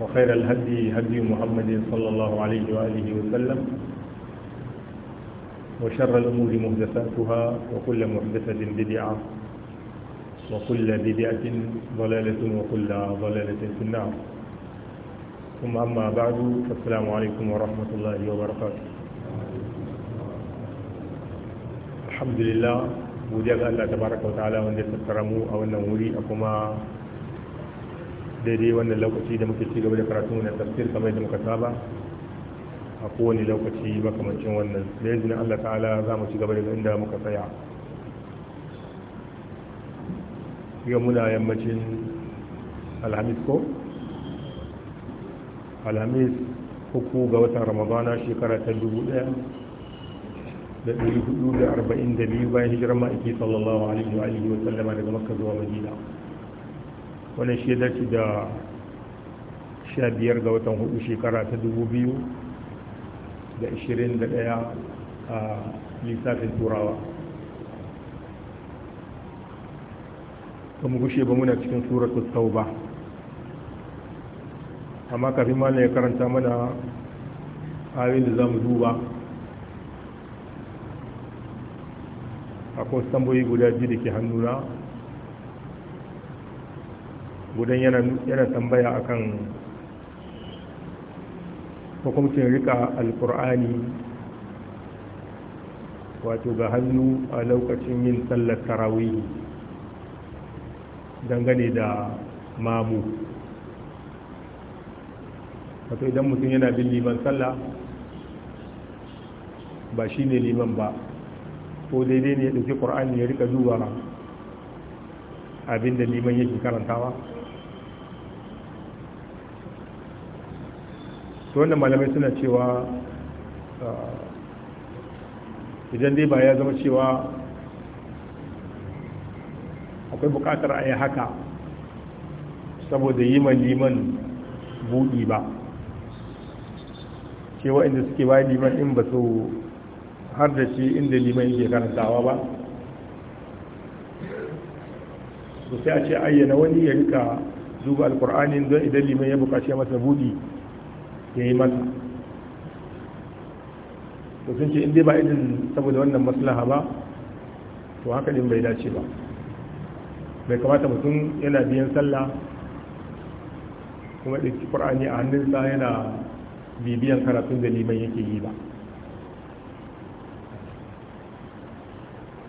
وخير الهدي هدي محمد صلى الله عليه وآله وسلم وشر الأمور مهدفاتها وكل محدثة بدعة وكل بدعة ضلالة وكل ضلالة في النار ثم أما بعد فالسلام عليكم ورحمة الله وبركاته الحمد لله وجاء الله تبارك وتعالى وأن ta'ala أو ya tattara daidai wannan lokaci da muke cigaba da karatu na tafsir kamar yadda muka saba a kowane lokaci makamancin wannan da yanzu Allah ta'ala za mu cigaba daga inda muka tsaya yau muna yammacin alhamis ko alhamis uku ga watan ramadana shekara ta dubu ɗaya, da ɗari hudu da arba'in da biyu bayan hijirar ma'aiki sallallahu alaihi wa alihi wa sallama daga makka zuwa madina wannan shi da ci da biyar ga watan hudu shekara ta dubu biyu da da ashirin ɗaya a lissafin turawa mu gushe ba muna cikin suratu ba. amma kafin ma ya karanta mana abin da za mu duba akwai tambayi guda biyu da ke hannuna gudan yana tambaya a kan hukumcin rika alkur'ani wato ga hannu a lokacin yin sallar tarawi dangane da mamu wato idan mutum yana bin liman sallah ba shi ne liman ba ko daidai ne ya ɗauki ƙur'ani ya rika duba abinda liman yake karantawa su wanda malamai suna cewa ah, idan dai ba ya zama cewa akwai bukatar a yi haka saboda yi liman buɗi ba cewa inda suke bayan liman in ba su har da shi inda liman yake karantawa ba su sai a ce ayyana wani ya rika duba alkur'anin don idan liman ya bukaci masa buɗi ya yi mata to sun ce in dai ba irin saboda wannan maslaha ba to haka din bai dace ba bai kamata mutum yana biyan sallah kuma ɗauki ƙur'ani a hannunsa yana bibiyan karatun da liman yake yi ba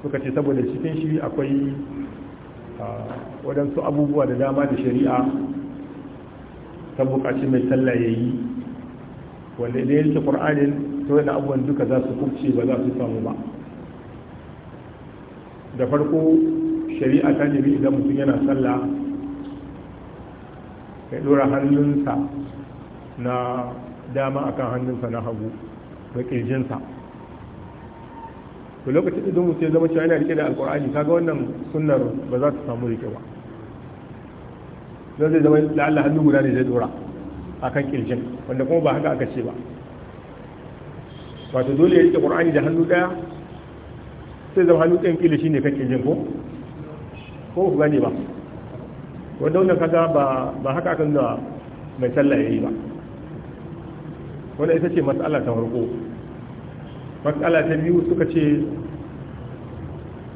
suka ce saboda cikin shi akwai waɗansu abubuwa da dama da shari'a ta buƙaci mai sallah ya yi wanda da yake qur'anin to yana abubuwan duka za su kubce ba za su samu ba da farko shari'a ta nemi idan mutum yana sallah ya dora hannunsa na dama akan hannunsa na hagu da kirjinsa to lokacin idan mutum ya zama cewa yana rike da alkur'ani kaga wannan sunnar ba za ta samu rike ba don zai zama Allah hannu guda ne zai dora akan kirjin wanda kuma ba haka aka ce ba wato dole ya riƙe qur'ani da hannu ɗaya sai zama hannu ɗayan kila shine kan kirjin ko ko ku gane ba wanda wannan kaga ba ba haka akan da mai sallah yi ba wanda ita ce matsala ta farko matsala ta biyu suka ce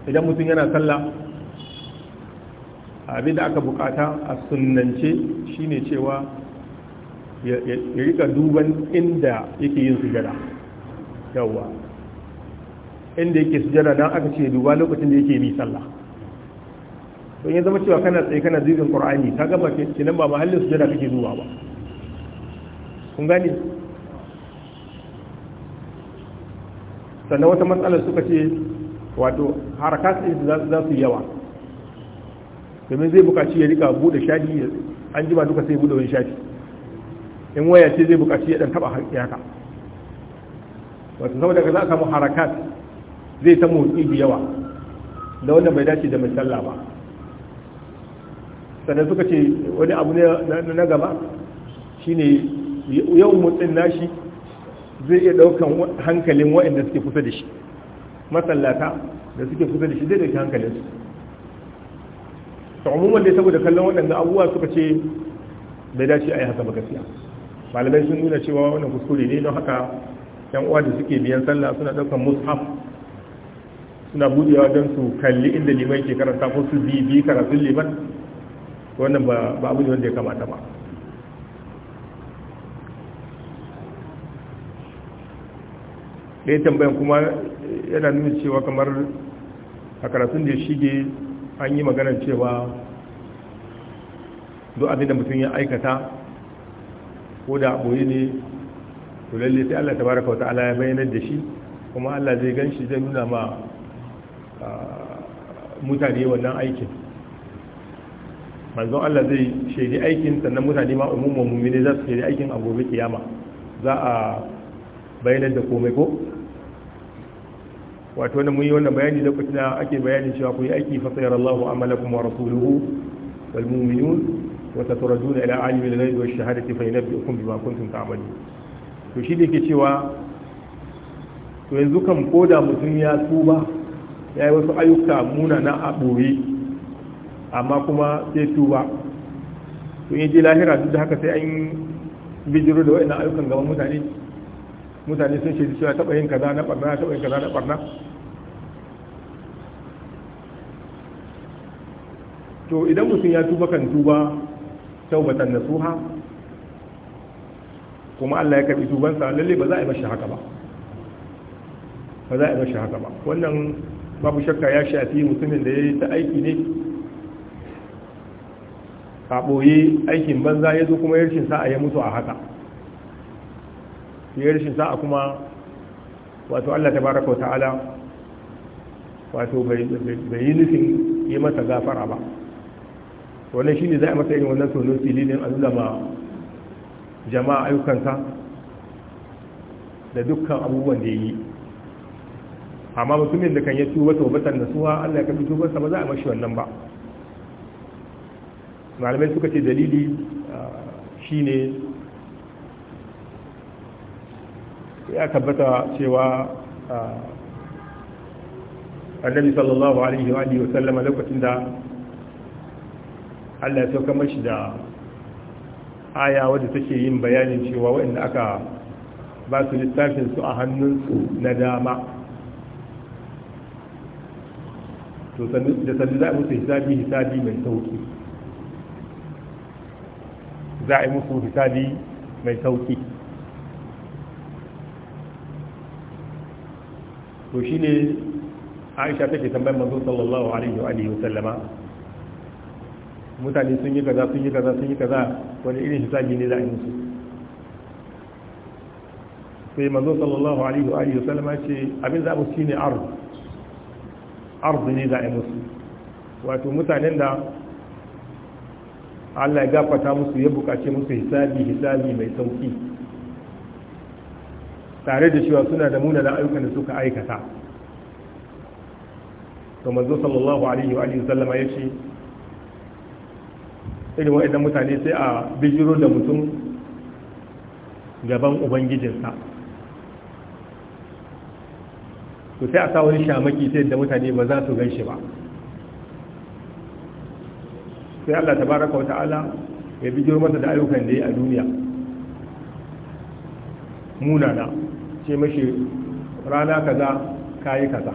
idan mutum yana sallah abin da aka bukata a sunnance shine cewa ya rika duban inda yake yin sujada yawa inda yake sujada dan aka ce duba lokacin da yake bi sallah don yanzu zama cewa kana tsaye kana zikin qur'ani ka ga ba kenan ba mahallin sujada kake zuwa ba kun gane sannan wata matsalar suka ce wato harakat za su yawa domin zai bukaci ya rika bude shafi an jima duka sai bude wani shafi in waya ce zai bukaci ya dan taba haka wato saboda ka za a samu harakat zai ta motsi da yawa da wanda bai dace da mai ba sannan suka ce wani abu na gaba shine yau motsin nashi zai iya daukan hankalin waɗanda suke kusa da shi masallata da suke kusa da shi zai dauki su ta umuman dai saboda kallon waɗanda abubuwa suka ce bai dace a yi haka ba gaskiya malamai sun nuna cewa wannan kuskure ne don haka yan uwa da suke biyan sallah suna daukan mushaf suna budewa don su kalli inda limai ke karanta ko su bi bi karatun liman wannan ba abu ne wanda ya kamata ba ɗaya tambayan kuma yana nuna cewa kamar a karatun da ya shige an yi magana cewa duk abin da mutum ya aikata ko da boye ne to lalle sai Allah tabaraka wa ta'ala ya bayyana da shi kuma Allah zai gan shi zai nuna ma mutane wannan aikin manzon Allah zai shaidi aikin sannan mutane ma umumin mu'mini za su shaidi aikin a gobe kiyama za a bayanar da komai ko wato wannan mun yi wannan bayani lokacin da ake bayanin cewa ku yi aiki fa sayar Allahu amalakum wa rasuluhu wal mu'minun وستردون إلى عالم الغيب والشهادة فينبئكم بما كنتم تعملون to shi da ke cewa to yanzu kan koda mutum ya tuba ya yi wasu ayyuka muna na a ɓoye amma kuma sai tuba to yi je lahira duk da haka sai an bijiro da wa'ina ayyukan gaban mutane mutane sun shaidu cewa taɓa yin kaza na ɓarna taɓa yin kaza na ɓarna to idan mutum ya tuba kan tuba taubatan nasuha kuma Allah ya karbi tubansa lalle ba za a yi mashi haka ba ba za a yi mashi haka ba wannan babu shakka ya shafi mutumin da ya yi ta aiki ne a ɓoye aikin banza ya zo kuma yarshin sa'a ya mutu a haka yarshin sa'a kuma wato Allah ta baraka wa ta'ala wato bai yi nufin yi masa gafara ba wannan shi ne za a masa yin wannan tono fili ne a nuna ma jama'a ayyukansa da dukkan abubuwan da ya yi amma mutumin da kan ya tuba taubatan da suwa allah ya kafi sa ba za a mashi wannan ba malamai suka ce dalili ah, shi ne ya tabbata cewa ah, annabi sallallahu alaihi wa sallama lokacin da Allah ya sauka mashi da aya wadda take yin bayanin cewa waɗanda aka ba su littafin su a hannunsu na dama to da sannu za a musu hisabi hisabi mai sauki za a yi musu hisabi mai sauki to shi ne aisha take tambayar manzo sallallahu alaihi wa alihi wa sallama mutane sun yi kaza sun yi kaza sun yi kaza wani irin hisabi ne za a yi musu sai mazo sallallahu alaihi wa alihi wasallama ce abin za mu shine ard ard ne za a yi musu wato mutanen da Allah ya gafata musu ya bukace musu hisabi hisabi mai sauki tare da cewa suna da munanan ayyukan da suka aikata to manzo sallallahu alaihi wa alihi wasallama yace irin waidan mutane sai a bijiro da mutum gaban ubangijinsa to sai a sa wani shamaki sai da mutane ba za su gan shi ba sai Allah tabaraka wata'ala ya bijiro masa da ayyukan da ya a duniya munana ce mashi rana kaza kayi kaza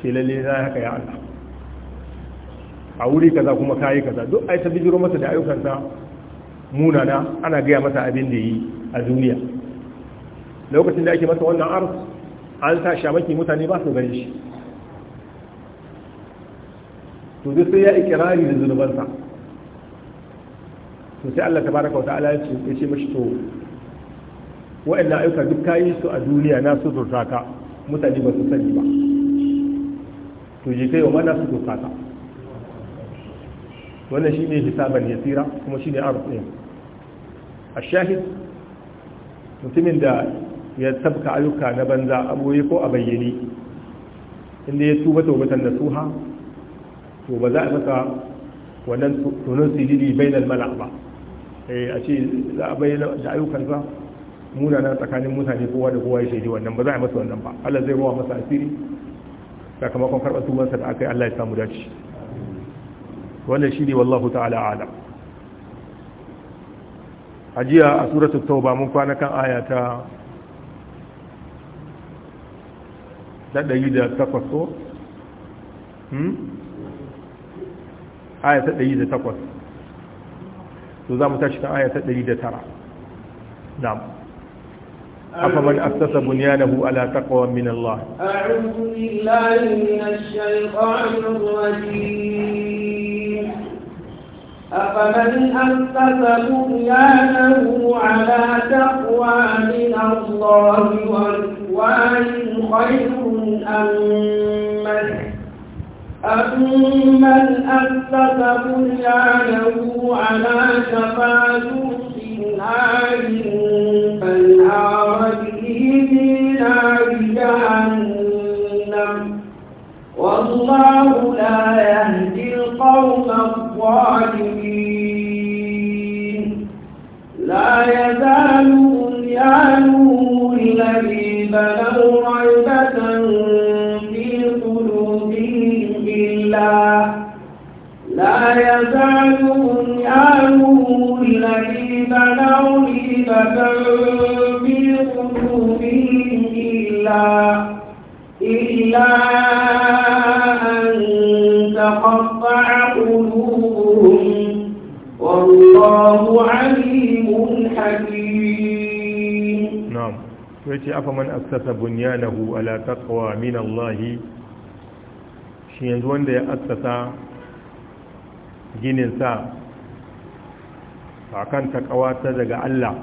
ce lalle za haka ya Allah a wuri kaza kuma kayi kaza duk ai ta bijiro masa da ayyukansa munana ana gaya masa abin da yi a duniya lokacin da ake masa wannan arz an sa shamaki mutane ba su gani shi to duk sai ya ikirari da zunubansa to sai Allah tabaraka wa ta'ala ya ce mashi to wa'annan ayyuka duk kayi su a duniya na su zurta ka mutane ba su sani ba to je kai wa mana su zurta ka wannan shi ne hisaban yasira kuma shi ne arf a shahid mutumin da ya tabka ayyuka na banza aboye ko a bayyane inda ya tuba da nasuha to ba za a saka wannan tunan silili bainal mala ba eh a ce za a bayyana da ayyukansa munana tsakanin mutane kowa da kowa ya shaidi wannan ba za a masa wannan ba Allah zai rawa masa asiri sakamakon karɓar tubansa da aka yi Allah ya samu dace wannan shi ne wallahu ta'ala alam hajiya a suratul tauba mun kwana kan aya ta 108 hmm aya 108 to za mu tashi kan aya ta 109 na'am أفمن أسس بنيانه على تقوى من الله أعوذ بالله من الشيطان الرجيم أفمن أنفس بنيانه على تقوى من الله ورضوان خير أمن أنفس بنيانه على شفا جرس نار فانهار به في نار جهنم والله لا يهدي القوم الظالمين ولا يزال بنيانهم الذي بنوا ريبة في قلوبهم إلا لا يزال ce afa man assasa bunyanahu ala taqwa min Allah shi yanzu wanda ya assasa ginin sa akan taqwa ta daga Allah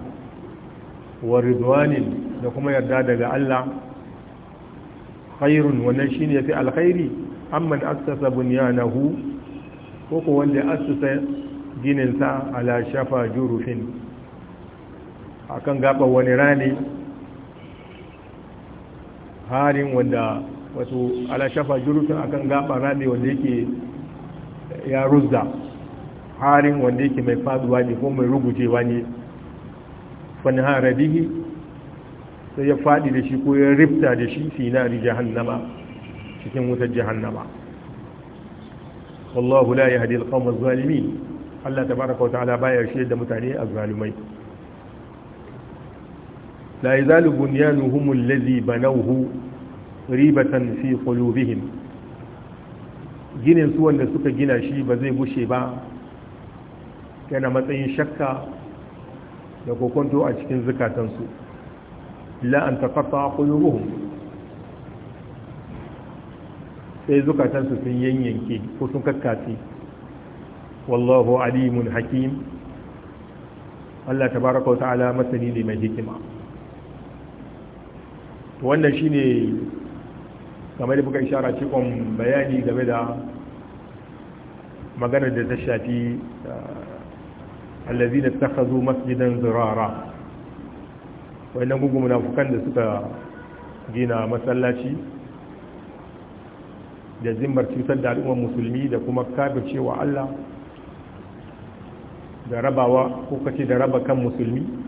wa ridwanin da kuma yarda daga Allah khairun wannan shine yafi alkhairi amman assasa bunyanahu ko ko wanda ya assasa ginin sa ala shafa jurufin akan gaba wani rani harin wanda wato ala shafa jurutun akan gaba rami wanda yake ya ruzda harin wanda yake mai faduwa ne ko mai rugujewa ne wani hara sai ya fadi da shi ko ya rifta da shi fi na jahannama cikin wutar jihar jahannama wallahu la yahdi al-qawm az-zalimin Allah tabaraka wa ta'ala baya shi da mutane az-zalimai la yazalu bunyanuhum allazi banawhu ribatan fi qulubihim ginin su wanda suka gina shi ba zai bushe ba yana matsayin shakka da kokonto a cikin zukatansu la an taqata qulubuhum sai zukatansu sun yanyanke ko sun kakkace wallahu alimun hakim Allah tabaraka wa ta'ala masani ne mai hikima wannan shine kamar da buka ishara cikon bayani game da maganar da ta shafi ah, allazi da ta zo masjidan zirara wannan gugu munafukan da suka gina masallaci da zimbar cutar da al'ummar musulmi da kuma cewa Allah da rabawa ko kace da raba kan musulmi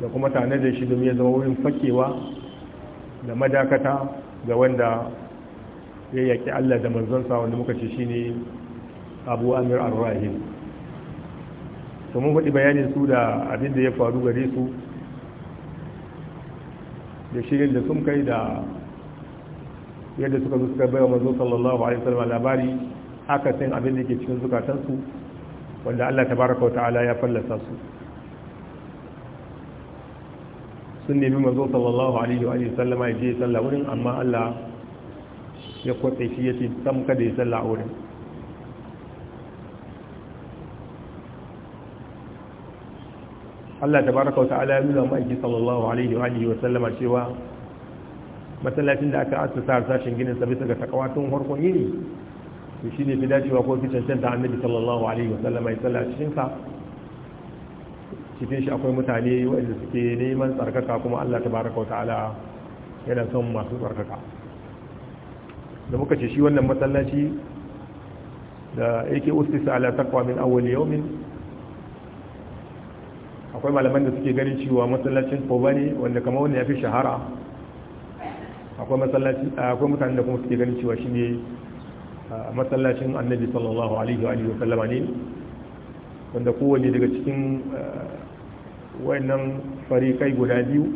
da kuma da shi domin ya zama wurin fakewa da madakata ga wanda ya yaki Allah da manzonsa wanda muka ce shine Abu Amir Ar-Rahim to mun faɗi bayanin su da abin da ya faru gare su da shirin da sun kai da yadda suka zo suka bai wa sallallahu alaihi wasallam labari aka sin abin da ke cikin zukatansu wanda Allah tabaraka wa ta'ala ya fallasa su sun nemi mazo sallallahu alaihi wa sallama ya je sallah wurin amma Allah ya kwatsa shi ya ce sam kada ya sallah wurin Allah tabaraka wa ta'ala ya nuna ma'aiki sallallahu alaihi wa alihi wa sallama cewa masallacin da aka asusa sashin ginin sa bisa ga takawatun harkon yini to shine fi dacewa ko fi cancanta annabi sallallahu alaihi wa sallama ya sallah cikin sa cikin shi akwai mutane wanda suke neman tsarkaka kuma Allah ta baraka tabaraka ta'ala yana son masu tsarkaka da muka ce shi wannan masallaci da yake ustisa ala taqwa min awwal yawmin akwai malaman da suke ganin cewa masallacin koba ne wanda kamar wanda ya fi shahara akwai matsalaci akwai mutane da kuma suke ganin cewa shi ne masallacin annabi sallallahu alaihi wa alihi wa sallama ne wanda kowanne daga cikin wayannan farikai guda biyu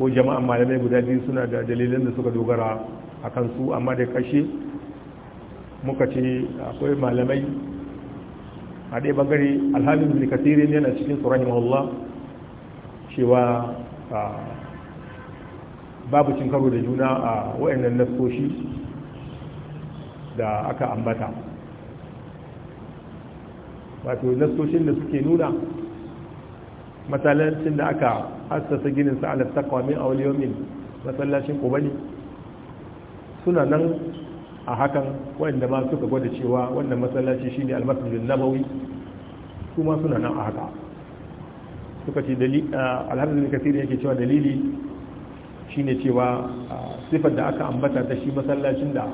ko jama'an malamai guda biyu suna da dalilan da suka dogara a kansu amma da kashe muka ce akwai malamai a ɗaya bangare alhamin ne ne yana cikin su Allah cewa babu cin karo da juna a wayannan nasoshi da aka ambata wato nasoshin da suke nuna masallacin da aka hassasa ginin sa ala taqwa min awliyomin masallacin kubani suna nan a hakan wanda ma suka gwada cewa wannan masallaci shine almasjidun nabawi kuma suna nan a haka suka ce alhamdulillah kasiri yake cewa dalili shine cewa sifar da aka ambata ta shi masallacin da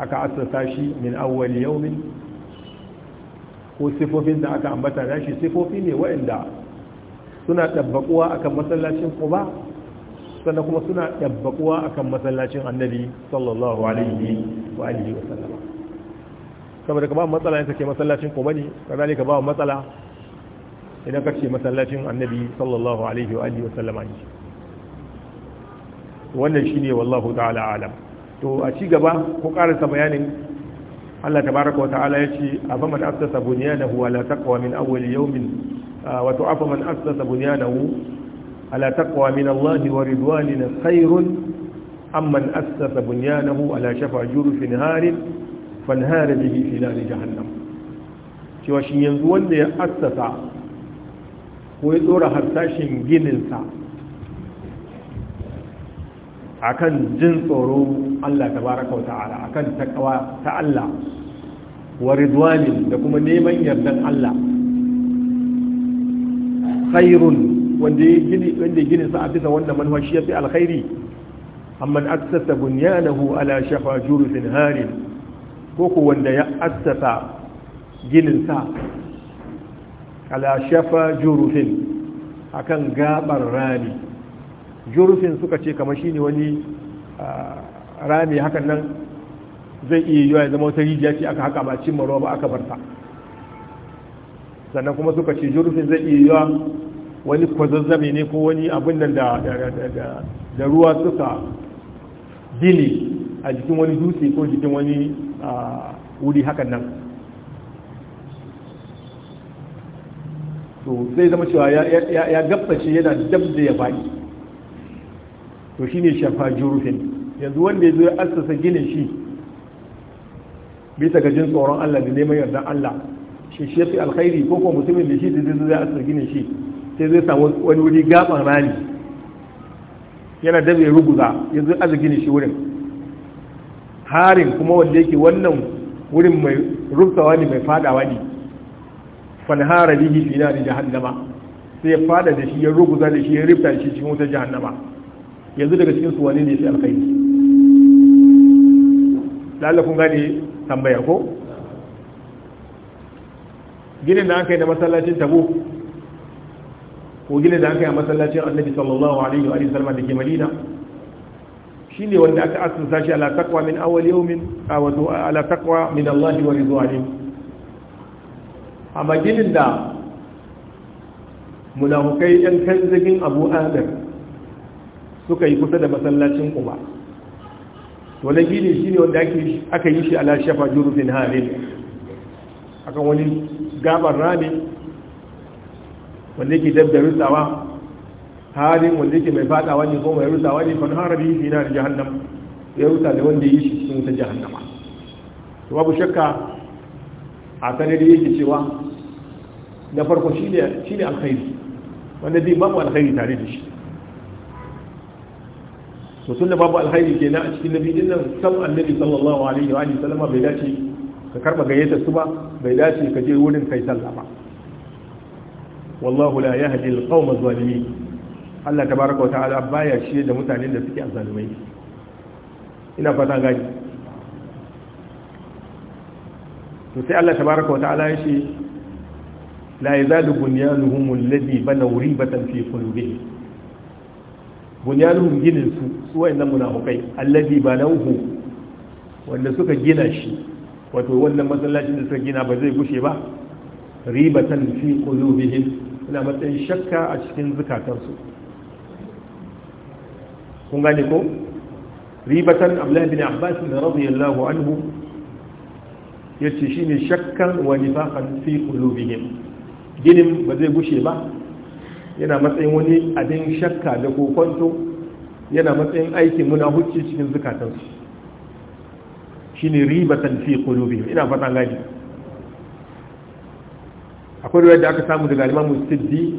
aka hassasa shi min awwal yawmin ko sifofin da aka ambata da shi sifofi ne waɗanda suna ɗabbaƙuwa akan masallacin quba sannan kuma suna ɗabbaƙuwa akan masallacin annabi sallallahu alaihi wa alihi wa sallam saboda ka ba matsala in kake masallacin quba ne ka ba matsala idan ka ce masallacin annabi sallallahu alaihi wa alihi wa sallama ne wannan shine wallahu ta'ala alam to a ci gaba ko karanta bayanin Allah tabaraka wa ta'ala yace afaman asasa bunyanahu ala taqwa min awwal yawmin wato afa man asasa bunyanahu ala taqwa min Allah wa ridwanin khairun amman asasa bunyanahu ala shafa jurufin harin fanhara bihi fi nar jahannam cewa shi yanzu wanda ya asasa ko ya tsora harsashin ginin sa akan jin tsoro Allah tabaraka wa ta'ala akan taqwa ta Allah wa ridwanin da kuma neman yardan Allah khairun wanda ya gini wanda ya gini sa a bisa wannan manhaji shi fi alkhairi amma assasa bunyanahu ala shafa jurufin harin ko ko wanda ya assasa ginin sa ala shafa jurufin akan gabar rami jurufin suka ce kamar shine wani rami hakan nan zai iya yiwa ya zama wata rijiya ce aka haka ba cin ruwa ba aka barta sannan kuma suka ce jurufin zai iya yiwa wani kwazazzabe ne ko wani abin nan da ruwa suka dili a jikin wani dutse ko jikin wani wuri hakan nan to sai zama cewa ya gabbace yana dab da ya faɗi to shi ne shafa jurufin yanzu wanda ya zo ya asasa ginin shi bisa ga jin tsoron allah da neman yardar allah shi shi ya fi alkhairi ko kuma mutumin da shi da zai zai asasa ginin shi sai zai samu wani wuri gaban rami yana da bai ruguza ya zai arziki shi wurin harin kuma wanda yake wannan wurin mai rufsawa ne mai fadawa ne fanhara bihi fi nari jahannama sai ya fada da shi ya ruguza da shi ya rifta da shi cikin wutar jahannama yanzu daga cikin su wani ne sai alkhairi lalle kun gane tambaya ko ginin da aka yi da masallacin tabo kogin da aka yi a masallacin annabi sallallahu alaihi wa sallama da ke madina shi ne wanda aka asusa shi ala takwa min awwal yawmin wato ala takwa min Allah wa alim A maginin da munafukai yan kanzagin Abu adar suka yi kusa da masallacin kuma to na gini shi ne wanda aka yi shi ala shafa jurufin halin akan wani gabar rami wanda yake dab da rusawa halin wanda yake mai fadawa ne ko mai rusawa ne kan har bi fi nar jahannam ya rusa da wanda yi shi cikin wuta jahannama to babu shakka a sanadi yake cewa na farko shine shine alkhairi wanda zai babu alkhairi tare da shi to tun da babu alkhairi kenan a cikin nabi din nan sab annabi sallallahu alaihi wa alihi sallama bai dace ka karba gayyatar su ba bai dace ka je wurin kai sallah ba wallahu la yahdi alqawma zalimin Allah tabaraka wa ta'ala baya shi da mutanen da suke a azalumai ina fata gani to sai Allah tabaraka wa ta'ala ya ce la yazalu bunyanuhum alladhi banaw ribatan fi qulubihim bunyanuhum ginin su su wayannan munafikai alladhi banawhu wanda suka gina shi wato wannan masallacin da suka gina ba zai gushe ba ribatan fi qulubihim ina matsayin shakka a cikin zukatansu kun gane ko ribatan abdullahi bin abbas radiyallahu anhu yace shine shakkan wa nifaqan fi qulubihim ginin ba zai gushe ba yana matsayin wani abin shakka da kokonto yana matsayin aikin muna hucci cikin zukatansu shine ribatan fi qulubihim ina fata gani akwai riwayar da aka samu daga al-Imam Siddi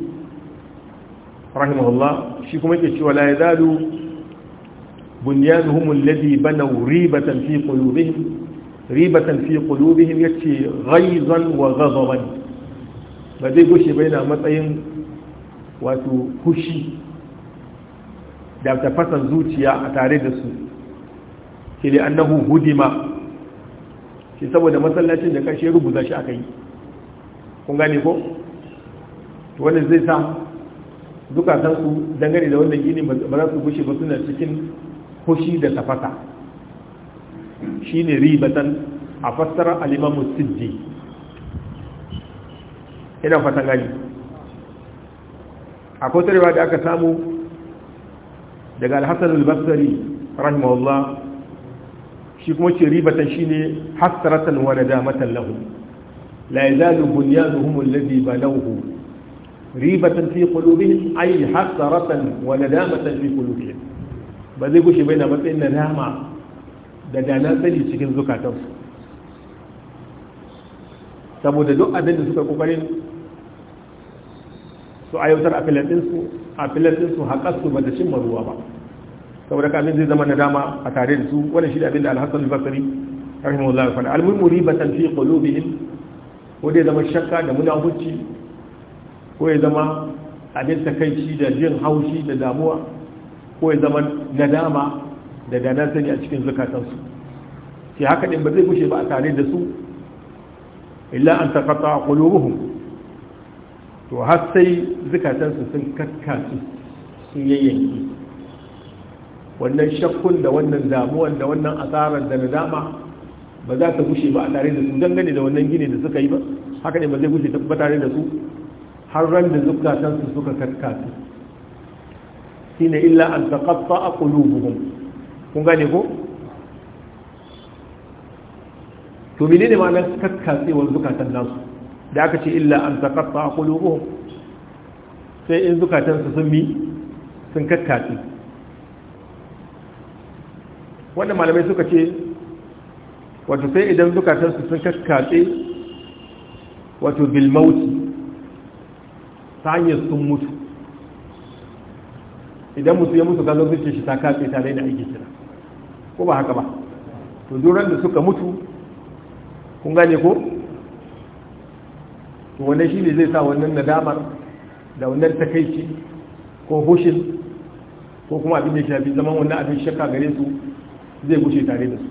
rahimahullah shi kuma yake cewa la zalu bunyanuhum ladi banaw ribatan fi qulubihim ribatan fi qulubihim yace ghaizan wa ghadaban ba zai goshe ba yana matsayin wato kushi da tafasan zuciya a tare da su ke annahu hudima shi saboda masallacin da kashe rubuta shi aka yi kun gane ko wani zai sa zukatan su dangane da wannan gini ba za su gushe ba suna cikin hushi da tafasa shine ribatan a fassara al siddi ina gani a tarewa da aka samu daga alhassan albassari rahimahullah shi kuma ce ribatan shine hassaratan wa nadamatan lahu la yazalu bunyanuhum alladhi banawhu ribatan fi qulubihim ay hasratan wa nadamatan fi qulubihim ba zai gushe bai na matsayin nadama da dana sani cikin zukatansu saboda duk abin da suka kokarin su a filantinsu a filantinsu haƙarsu ba da cin maruwa ba saboda kamin zai zama nadama a tare da su wani shi da abin fi ko dai zama shakka da munafuci ko ya zama abin takaici da jin haushi da damuwa ko ya zama nadama da dana sani a cikin zukatansu sai haka din ba zai bushe ba a tare da su illa an taqata qulubuhum to har sai zukatansu sun kakkasu sun yayyanki wannan shakkun da wannan damuwan da wannan asarar da nadama ba za ta gushe ba a tare da su dangane da wannan gini da suka yi ba haka ne ba zai gushe ba tare da su har ran da zukatan su suka karkasu shine illa an taqatta qulubuhum kun gane ko to menene ma'anar karkasewar zukatan nasu da aka ce illa an taqatta qulubuhum sai in zukatan su sun mi sun karkase Wannan malamai suka ce wato sai idan zukatansu sun kakkatse wato bilmauti ta hanyar sun mutu idan mutu ya mutu gano zuke shi ta katse ta da aiki kira ko ba haka ba to duran da suka mutu kun gane ko to wannan shi ne zai sa wannan nadamar da wannan takaici ko hushin ko kuma abin da shafi zaman wannan abin shakka gare su zai gushe tare da su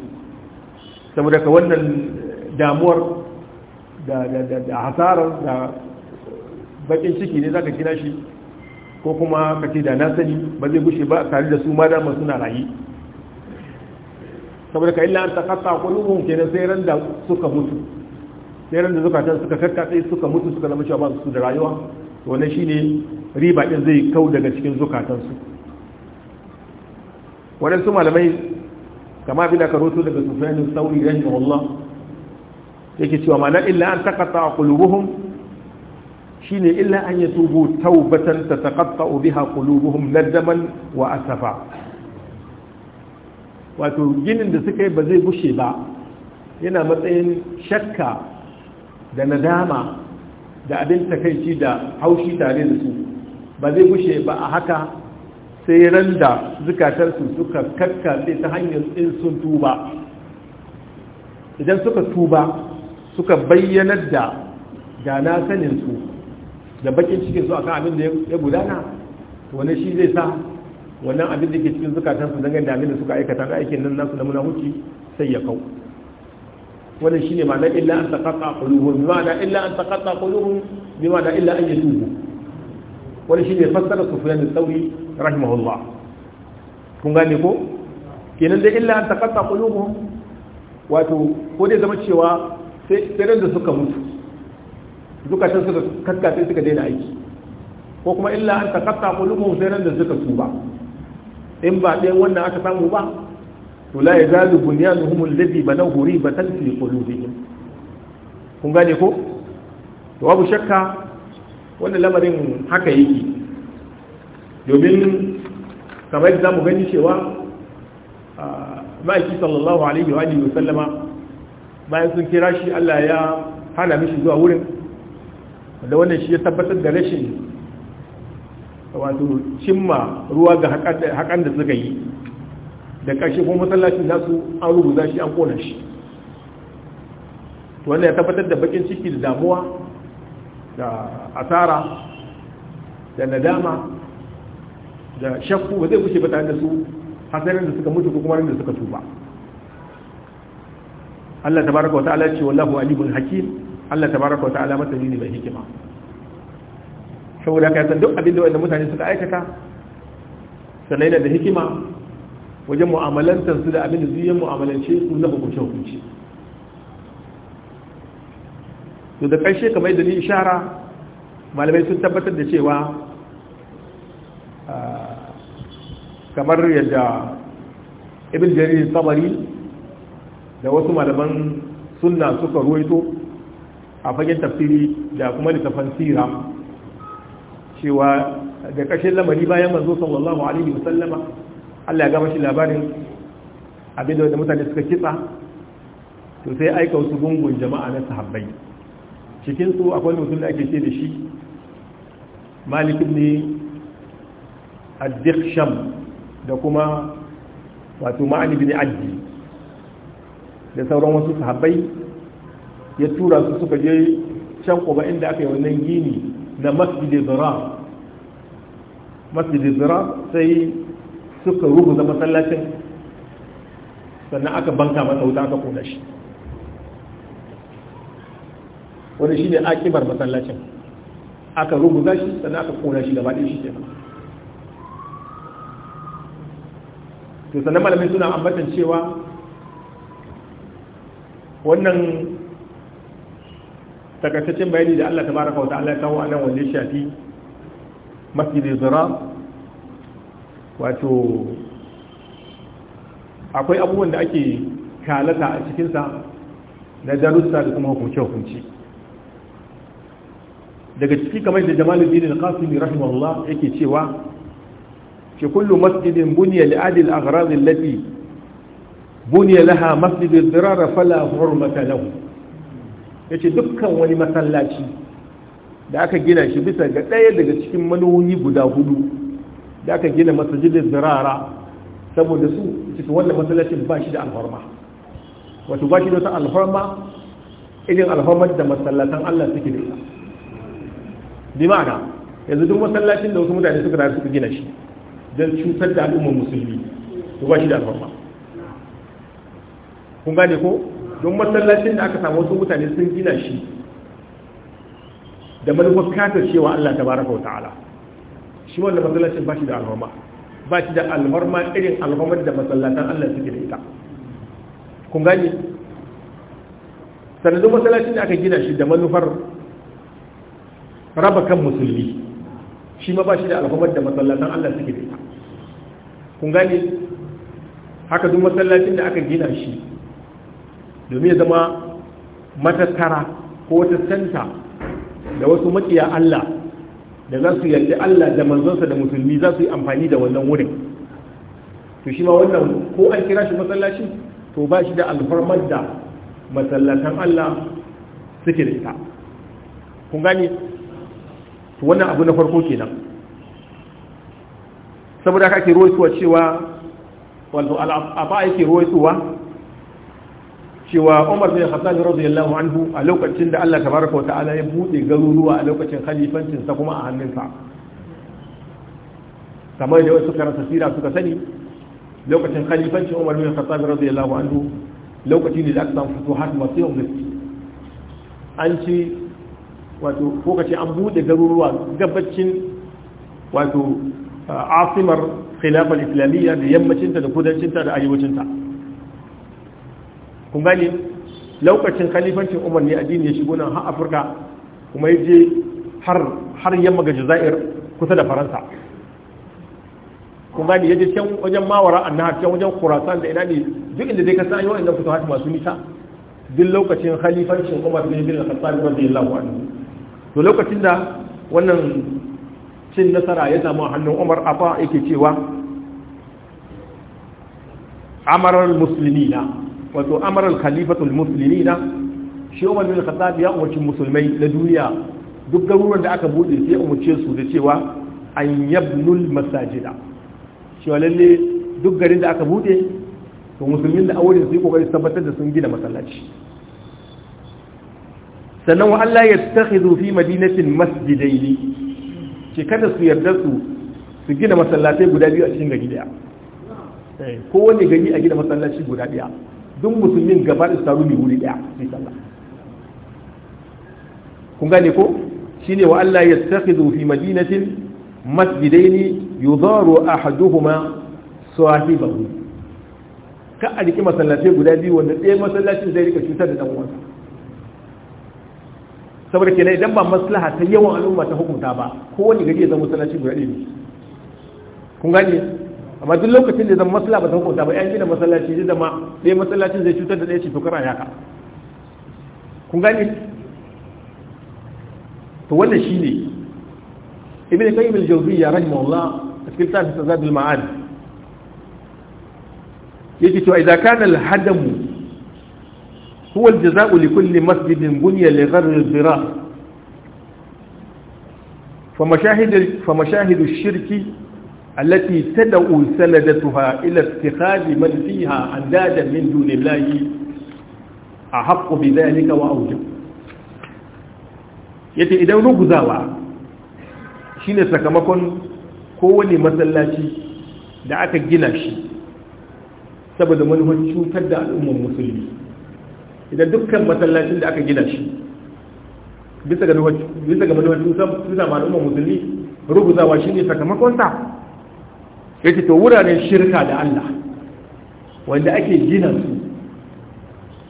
saboda ka wannan damuwar da hasarar da bakin ciki ne za ka kira shi ko kuma ka ce da na sani ba zai gushe ba tare da su ma dama suna rayu saboda ka illa an takasa kulubun ke sai ran da suka mutu sai ran da zukatan suka sai suka mutu suka zama cewa ba su da rayuwa to wannan shine riba ɗin zai kau daga cikin zukatansu waɗansu malamai kama bi karoto daga sufyanin sauri rahimahullah yake cewa ma'ana illa an taqata qulubuhum shine illa an yatubu taubatan tataqatta biha qulubuhum nadaman wa asafa wato ginin da suka yi ba zai bushe ba yana matsayin shakka da nadama da abin takaici da haushi tare da su ba zai bushe ba a haka sai ran da zukatarsu suka kakkaɓe ta hanyar in sun tuba idan suka tuba suka bayyanar da dana saninsu da bakin cikinsu akan abin da ya gudana wani shi zai sa wannan abin da ke cikin zukatansu don gani abin da suka aikata da aikin nan nasu muna munahuci sai ya kau wannan shine ma'ana illa an taqatta bi ma'ana illa an taqatta qulubuhum bi ma'ana illa an wani shi shine fassara sufyan da sauri. rahimahullah kun gane ko kenan da illa an taqatta qulubuhum wato ko dai zama cewa sai sai da suka mutu duka zukatan suka kakkace suka daina aiki ko kuma illa an taqatta qulubuhum sai da suka tuba in ba dai wannan aka samu ba to la yazalu bunyanuhum alladhi banahu ribatan fi qulubihim kun gane ko to babu shakka wannan lamarin haka yake domin kamar yadda mu gani cewa ma'aiki sallallahu alaihi wa alihi wasallama bayan sun kira shi Allah ya hana mishi zuwa wurin da wannan shi ya tabbatar da rashin wato cimma ruwa ga hakan da suka yi da ƙarshe kuma masallacin nasu an rubuta shi an kona shi wannan ya tabbatar da bakin ciki da damuwa da asara da nadama da shakku ba zai wuce ba tare da su hasarin da suka mutu ko kuma da suka tuba Allah tabaraka wa ta'ala ce wallahu alimul hakim Allah tabaraka wa ta'ala masani ne mai hikima saboda kai san duk abin da wanda mutane suka aikata sanai da hikima wajen mu'amalantar su da abin da zuyen mu'amalance su na hukunce hukunci to da ƙarshe kamar da ni ishara malamai sun tabbatar da cewa kamar yadda ibn jarir sabari da wasu malaman sunna suka ruwaito a fagen tafsiri da kuma littafan sira cewa da kashin lamari bayan manzo sallallahu alaihi wasallama Allah ya gama shi labarin abinda wanda mutane suka kitsa to sai aika wasu gungun jama'a na sahabbai cikin su akwai mutum da ake ce da shi malik ibn al dikhsham da kuma wato ma'ani bin addi da sauran wasu sahabbai ya tura su suka je can kuma inda aka yi wannan gini na masjidin zira masjidin zira sai suka zama masallacin sannan aka banka masa wuta aka kuna shi wani shi ne akibar masallacin aka rubuta shi sannan aka kuna shi gaba ɗin shi kenan to sannan malamai suna ambatan cewa wannan takaitaccen bayani da Allah Ta kawo wa ta'ala ya kawo anan wanda ya shafi masjidin zura wato akwai abubuwan da ake kalata a cikinsa na darussa da kuma hukunce-hukunce daga ciki kamar da jamaluddin al-qasim rahimahullah yake cewa في كل مسجد بني لأدي الأغراض التي بني لها مسجد الضرار فلا حرمة له yace dukkan wani masallaci da aka gina shi bisa ga ɗaya daga cikin manohi guda hudu da aka gina masajidin zirara saboda su cikin wannan masallacin ba shi da alfarma wato ba shi da wata alfarma irin alfarmar da masallatan Allah suke da ita bi ma'ana yanzu duk masallacin da wasu mutane suka rayu suka gina shi don cutar da al'ummar musulmi to ba shi da alfarma kun gane ko don masallacin da aka samu wasu mutane sun gina shi da manufar katar cewa Allah ta baraka wa ta'ala shi wanda masallacin ba shi da alfarma ba shi da alfarma irin alfarmar da masallatan Allah suke da ita kun gane sanadin masallacin da aka gina shi da manufar raba kan musulmi shi ma ba shi da alfarmar da masallatan Allah suke da ita kun gane haka duk masallacin da aka gina shi domin ya zama matattara ko wata santa da wasu makiya Allah da za su yarda Allah da manzonsa da musulmi za su yi amfani da wannan wurin to shi ma wannan ko an kira shi masallaci to ba shi da alfarmar da masallatan Allah suke da ita kun gane to wannan abu na farko kenan saboda haka ake ruwaisuwa cewa wato al'aba yake ruwaisuwa cewa Umar bin Khattab radiyallahu anhu a lokacin da Allah tabaraka wata'ala ya bude garuruwa a lokacin khalifancin sa kuma a hannunsa kamar da wasu karanta sira suka sani lokacin khalifancin Umar bin Khattab radiyallahu anhu lokacin ne da aka samu futuhat masu mulki an ci wato ko kace an bude garuruwa gabacin wato asimar khilafar islamiyya da yammacinta da kudancinta da arewacinta kun gani lokacin khalifancin umar ne addini ya shigo nan har afirka kuma ya je har yamma ga jazair kusa da faransa kun gani ya je can wajen mawara nahar can wajen kurasan da ina ne duk inda dai ka san yawan inda kusa hati masu nisa duk lokacin khalifancin umar ne bin al-khattab radiyallahu anhu to lokacin da wannan cin nasara ya samu hannun umar afa yake cewa amarar na, wato amarar khalifatul na shi umar bin khattab ya umarci musulmai na duniya duk garuruwan da aka bude sai umarce su da cewa an yabnul masajida cewa lalle duk garin da aka bude to musulmin da aure su yi kokari tabbatar da sun gina masallaci sannan wa Allah ya takhidhu fi madinatin masjidaini ke kada su yarda su su gina masallatai guda biyu a cikin gari daya eh, wani gari a gina masallaci guda daya duk musulmin gaba da su taru ne wuri daya kun gane ko shine wa Allah ya takhidhu fi madinatin masjidaini yudaru ahaduhuma sahibahu ka a riki masallatai guda biyu wanda ɗaya masallacin zai rika cutar da dan uwansa saboda kenan idan ba maslaha ta yawan al'umma ta hukunta ba kowane gari ya zama masallaci guda ɗaya kun gane amma duk lokacin da zan maslaha ba ta hukunta ba yan gina masallaci zai zama ɗaya masallacin zai cutar da ɗaya ce to kar a yaka kun gane to wannan shine ibn qayyim al-jawziyya rahimahullah a cikin tafsir zadul ma'ad yake cewa idan kana al-hadamu هو الجزاء لكل مسجد بني لغر الذراع فمشاهد, فمشاهد الشرك التي تدعو سندتها إلى اتخاذ من فيها أندادا من دون الله أحق بذلك وأوجب yace idan ruguzawa shine sakamakon kowane masallaci da aka gina shi saboda manufar cutar da al'ummar musulmi idan dukkan masallacin da aka gina shi bisa ga manufacin suna ma'al'umma musulmi rubutawa shi ne sakamakonsa ya ce to wuraren shirka da Allah wanda ake gina su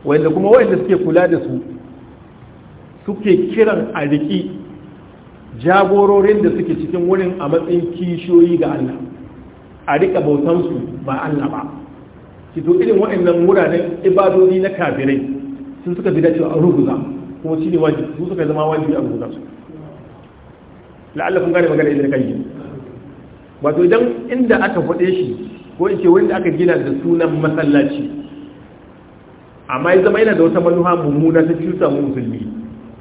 wanda kuma wanda suke kula da su suke kiran a riki jagororin da suke cikin wurin a matsayin kishiyoyi ga Allah a rika bautansu ba Allah ba ki to irin waɗannan wuraren ibadodi na kafirai sun suka zai dacewa a ruguza kuma shi ne wajibi su suka zama wajibi a ruguza su la'alla kun gane magana idan kai wato idan inda aka faɗe shi ko in ce wanda aka gina da sunan masallaci amma ya zama yana da wata manuha mummuna ta cuta mu musulmi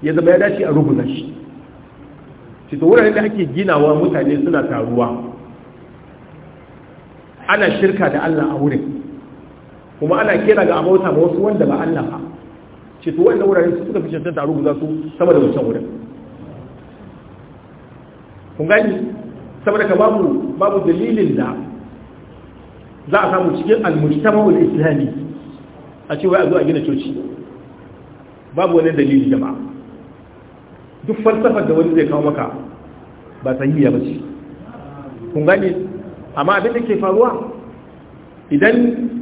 ya zama ya dace a rubuta shi ci to wuraren da ake ginawa mutane suna taruwa ana shirka da Allah a wurin kuma ana kira ga abauta ba wasu wanda ba Allah ba ce to wanda wuraren su suka fi cancan a guza su sama da wancan wurin kun gani saboda ka babu babu dalilin da za a samu cikin al-mujtama'ul islami a ce wai a zo a gina coci babu wani dalili ba. duk falsafar da wani zai kawo maka ba sahiya ba ce kun gani amma abin da ke faruwa idan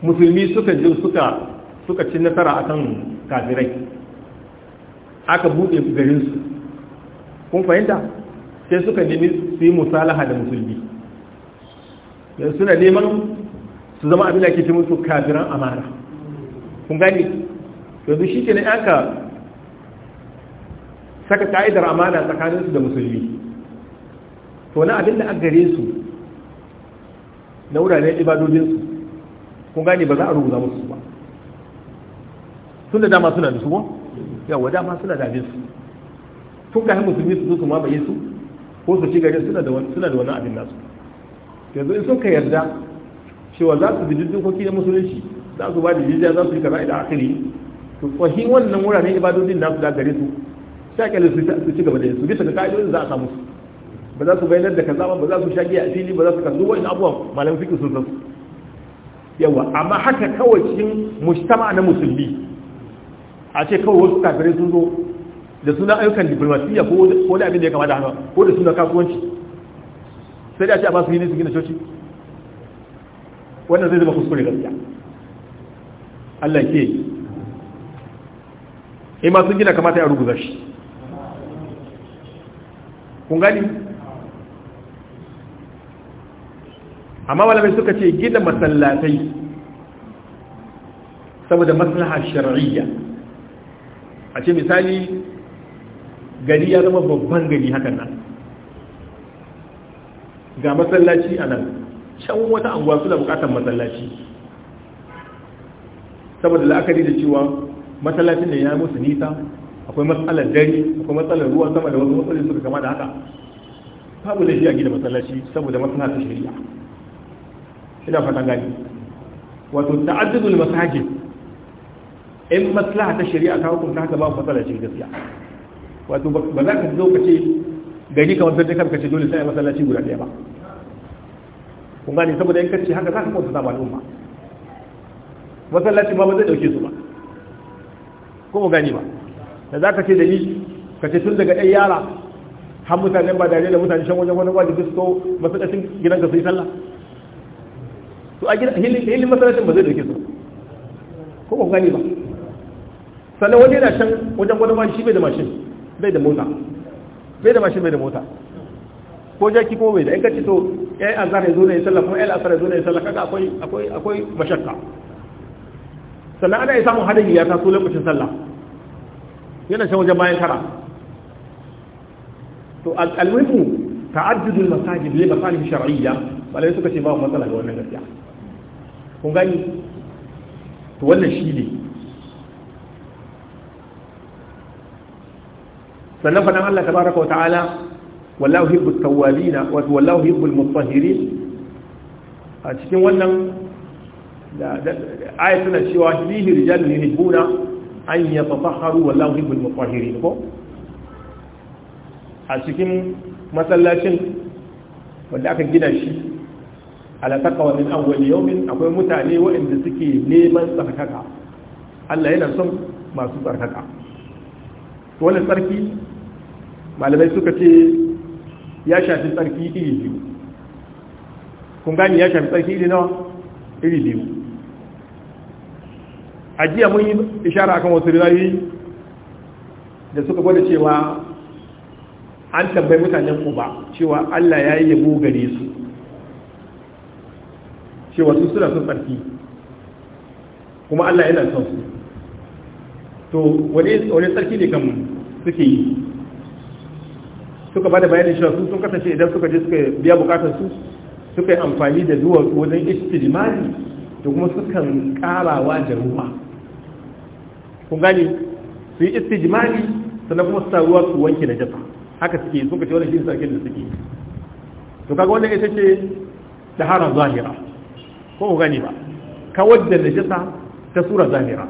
musulmi suka ji suka suka ci nasara akan kafirai aka bude garinsu kun fahimta sai suka nemi su yi musalaha da musulmi yanzu suna neman su zama abin da ke ce musu kafiran amara. kun gani yanzu shi ke na aka saka ka'idar amana tsakaninsu da musulmi to na abin da an gare su na wuraren ibadodinsu kun gane ba za a rubuta musu ba tun da dama suna da su ba yawa dama suna da abin su tun kafin musulmi su su ma mamaye su ko su ci gari suna da wannan abin nasu yanzu in sun ka yarda cewa za su bi dukkoki na musulunci za su ba da jizya za su yi kaza idan akiri to hin wannan wuraren ibadodin su da gare su sai kyale su ci gaba da su bisa ga ka'idodin za a samu su ba za su bayyana da kaza ba ba za su shagiya a fili ba za su kalli wani abubuwan malamin fiƙi sun san su yawa amma haka kawai cikin mujtama na musulmi a ce kawai wasu kafirai sun zo da suna ayyukan diplomasiya ko da abin da ya kamata haka ko da suna kasuwanci sai da ce a ba su yi ne gina coci wannan zai zama kuskure gaskiya Allah ke yi ma sun gina kamata ya ruguza shi kun gani amma malamai suka ce gina masallatai saboda maslaha shar'iyya a ce misali gari ya zama babban gari hakan nan ga masallaci a nan can wata anguwa da bukatar masallaci saboda la'akari da cewa masallacin da ya musu nisa akwai matsalar dare akwai matsalar ruwa sama da wasu matsalin suka kama da haka babu laifi a gida masallaci saboda maslaha ta shari'a ina fata gani wato ta'addudul masajid in maslaha ta shari'a ta hukunta haka ba matsala cikin gaskiya wato ba za ka zo ka ce gari kamar sai ka ce dole sai masallaci guda daya ba kun gane saboda in haka za ka kwanta zama al'umma masallaci ba ba zai dauke su ba ko mu gani ba da za ka ce da ni ka ce tun daga ɗan yara har mutanen ba dare da mutane shan wajen wani wajen su to masallacin gidanka su yi sallah to a gida hilin masallacin ba zai dauke su ko ba gani ba sannan wani yana can wajen wani ma shi bai da mashin bai da mota bai da mashin bai da mota ko jaki ko bai da in kace to ai zo na ne sallah kuma ai zo na ne sallah kaga akwai akwai akwai mashakka sannan ana yi samun hadari ya taso lokacin sallah yana can wajen bayan tara to al-muhimu ta'addudul masajid li masalih shar'iyya balai suka ce ba matsala ga wannan gaskiya kun gani to wannan shi ne sannan faɗin Allah tabaraka wa ta'ala wallahu hibbut tawwabina wa wallahu hibbul mutahhirin a cikin wannan ayat tana cewa fihi rijalun yuhibbuna an yatatahharu wallahu hibbul mutahhirin ko a cikin masallacin wanda aka gina shi ala taqwa min awwal yawmin akwai mutane waɗanda suke neman tsarkaka Allah yana son masu tsarkaka wannan tsarki malamai suka ce ya shafi tsarki iri biyu kun gani ya shafi tsarki iri nawa iri biyu a jiya mun yi ishara akan wasu riwayoyi da suka gwada cewa an tambayi mutanen ku ba, cewa Allah ya yi yabo gare su cewa su suna son tsarki kuma Allah yana son su to wani tsarki ne kan suke yi suka ba da bayanin shi su sun kasance idan suka je suka biya bukatar su suka yi amfani da duwatsu wajen istijmali da kuma sukan karawa da ruwa kun gani su yi istijmali sannan kuma su ruwa su wanke na jasa haka suke sun kace wani shi sarkin da suke to kaga wannan ita ce da haram zahira ko ku gani ba kawar da najasa ta sura zahira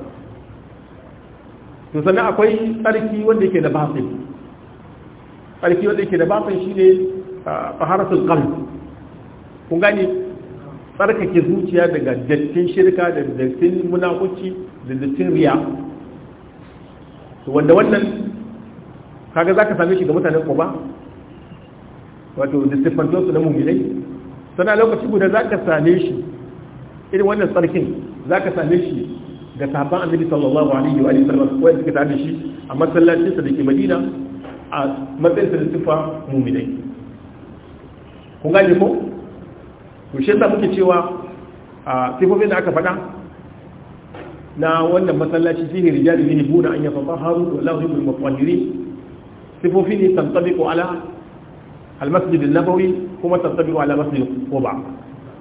to sannan akwai tsarki wanda yake da basin tsarki wanda yake da batin shine taharatul kan ku gani tsarkake zuciya daga dattin shirka da dattin munakuci da dattin riya wanda wannan kaga ka same shi ga mutanen ba wato da siffantonsu na mummilai sana lokaci guda za ka same shi irin wannan sarkin za ka same shi da sahabban annabi sallallahu alaihi wa sallam wanda suka tafi shi a masallacin sa dake Madina a matsayin sa da sifa mu'minai kun gane ko to shi yasa muke cewa a sifofin da aka faɗa na wannan masallaci shi ne rijalu yuhibbuna an yatatahharu wa la yuhibbul mutahhirin sifofi ne ko ala al-masjid an-nabawi kuma ko ala ko quba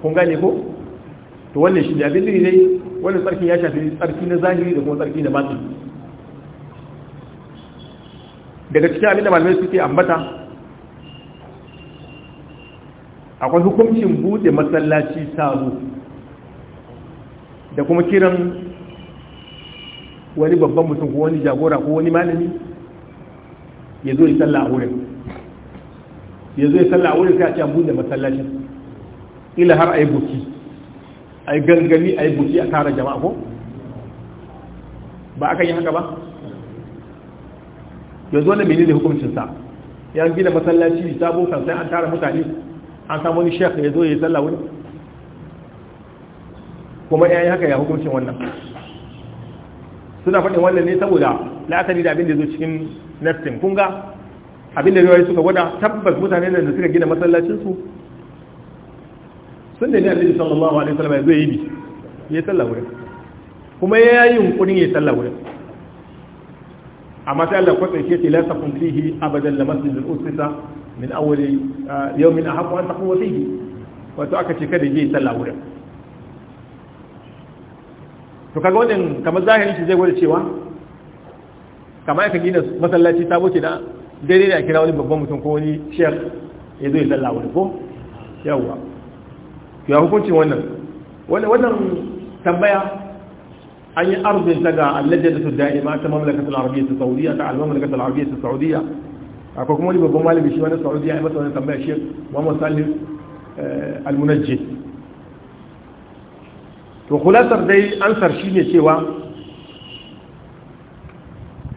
kun gane ko to wannan shi ne abin da dai wannan tsarki ya shafi tsarki na zahiri da kuma tsarki na batin daga cikin abin da malamai suke ambata akwai hukuncin bude masallaci sabo da kuma kiran wani babban mutum ko wani jagora ko wani malami ya zo yi sallah a wurin ya zo yi sallah a wurin sai a ce an bude masallacin ila har a yi buki a yi gangami a yi buki a tara jama'a ko ba aka yi haka ba yanzu wanda menene hukuncinsa ya gina masallaci sabo kan sai an tara mutane an samu wani shek ya zo ya yi sallah wani kuma ya yi haka ya hukuncin wannan suna faɗin wannan ne saboda la'asari da abin da zo cikin nafsin kunga abin da riwayoyi suka gwada tabbas mutane da suka gina masallacinsu sun da ne annabi sallallahu alaihi wasallam zai yi bi ya talla wurin kuma ya yi yunkurin ya talla wurin amma sai Allah kwatsa ke ce la taqum fihi abadan la masjidul usisa min awwali yawmin ahaqqu an taqwa fihi wato aka ce kada je talla wurin to kaga wannan kamar zahirin shi zai gwada cewa kamar aka gina masallaci ta ce da daidai da kira wani babban mutum ko wani shek ya zo ya talla wurin ko yawwa ya hukuncin wannan wannan tambaya an yi arzin ta ga su da'ima ta mamlakatul arabiyya ta saudiya ta al ta arabiyya ta saudiya akwai kuma wani babban malami shi wani saudiya ya masa wani tambaya shi Muhammad Salih eh, al to kulasar dai ansar ne cewa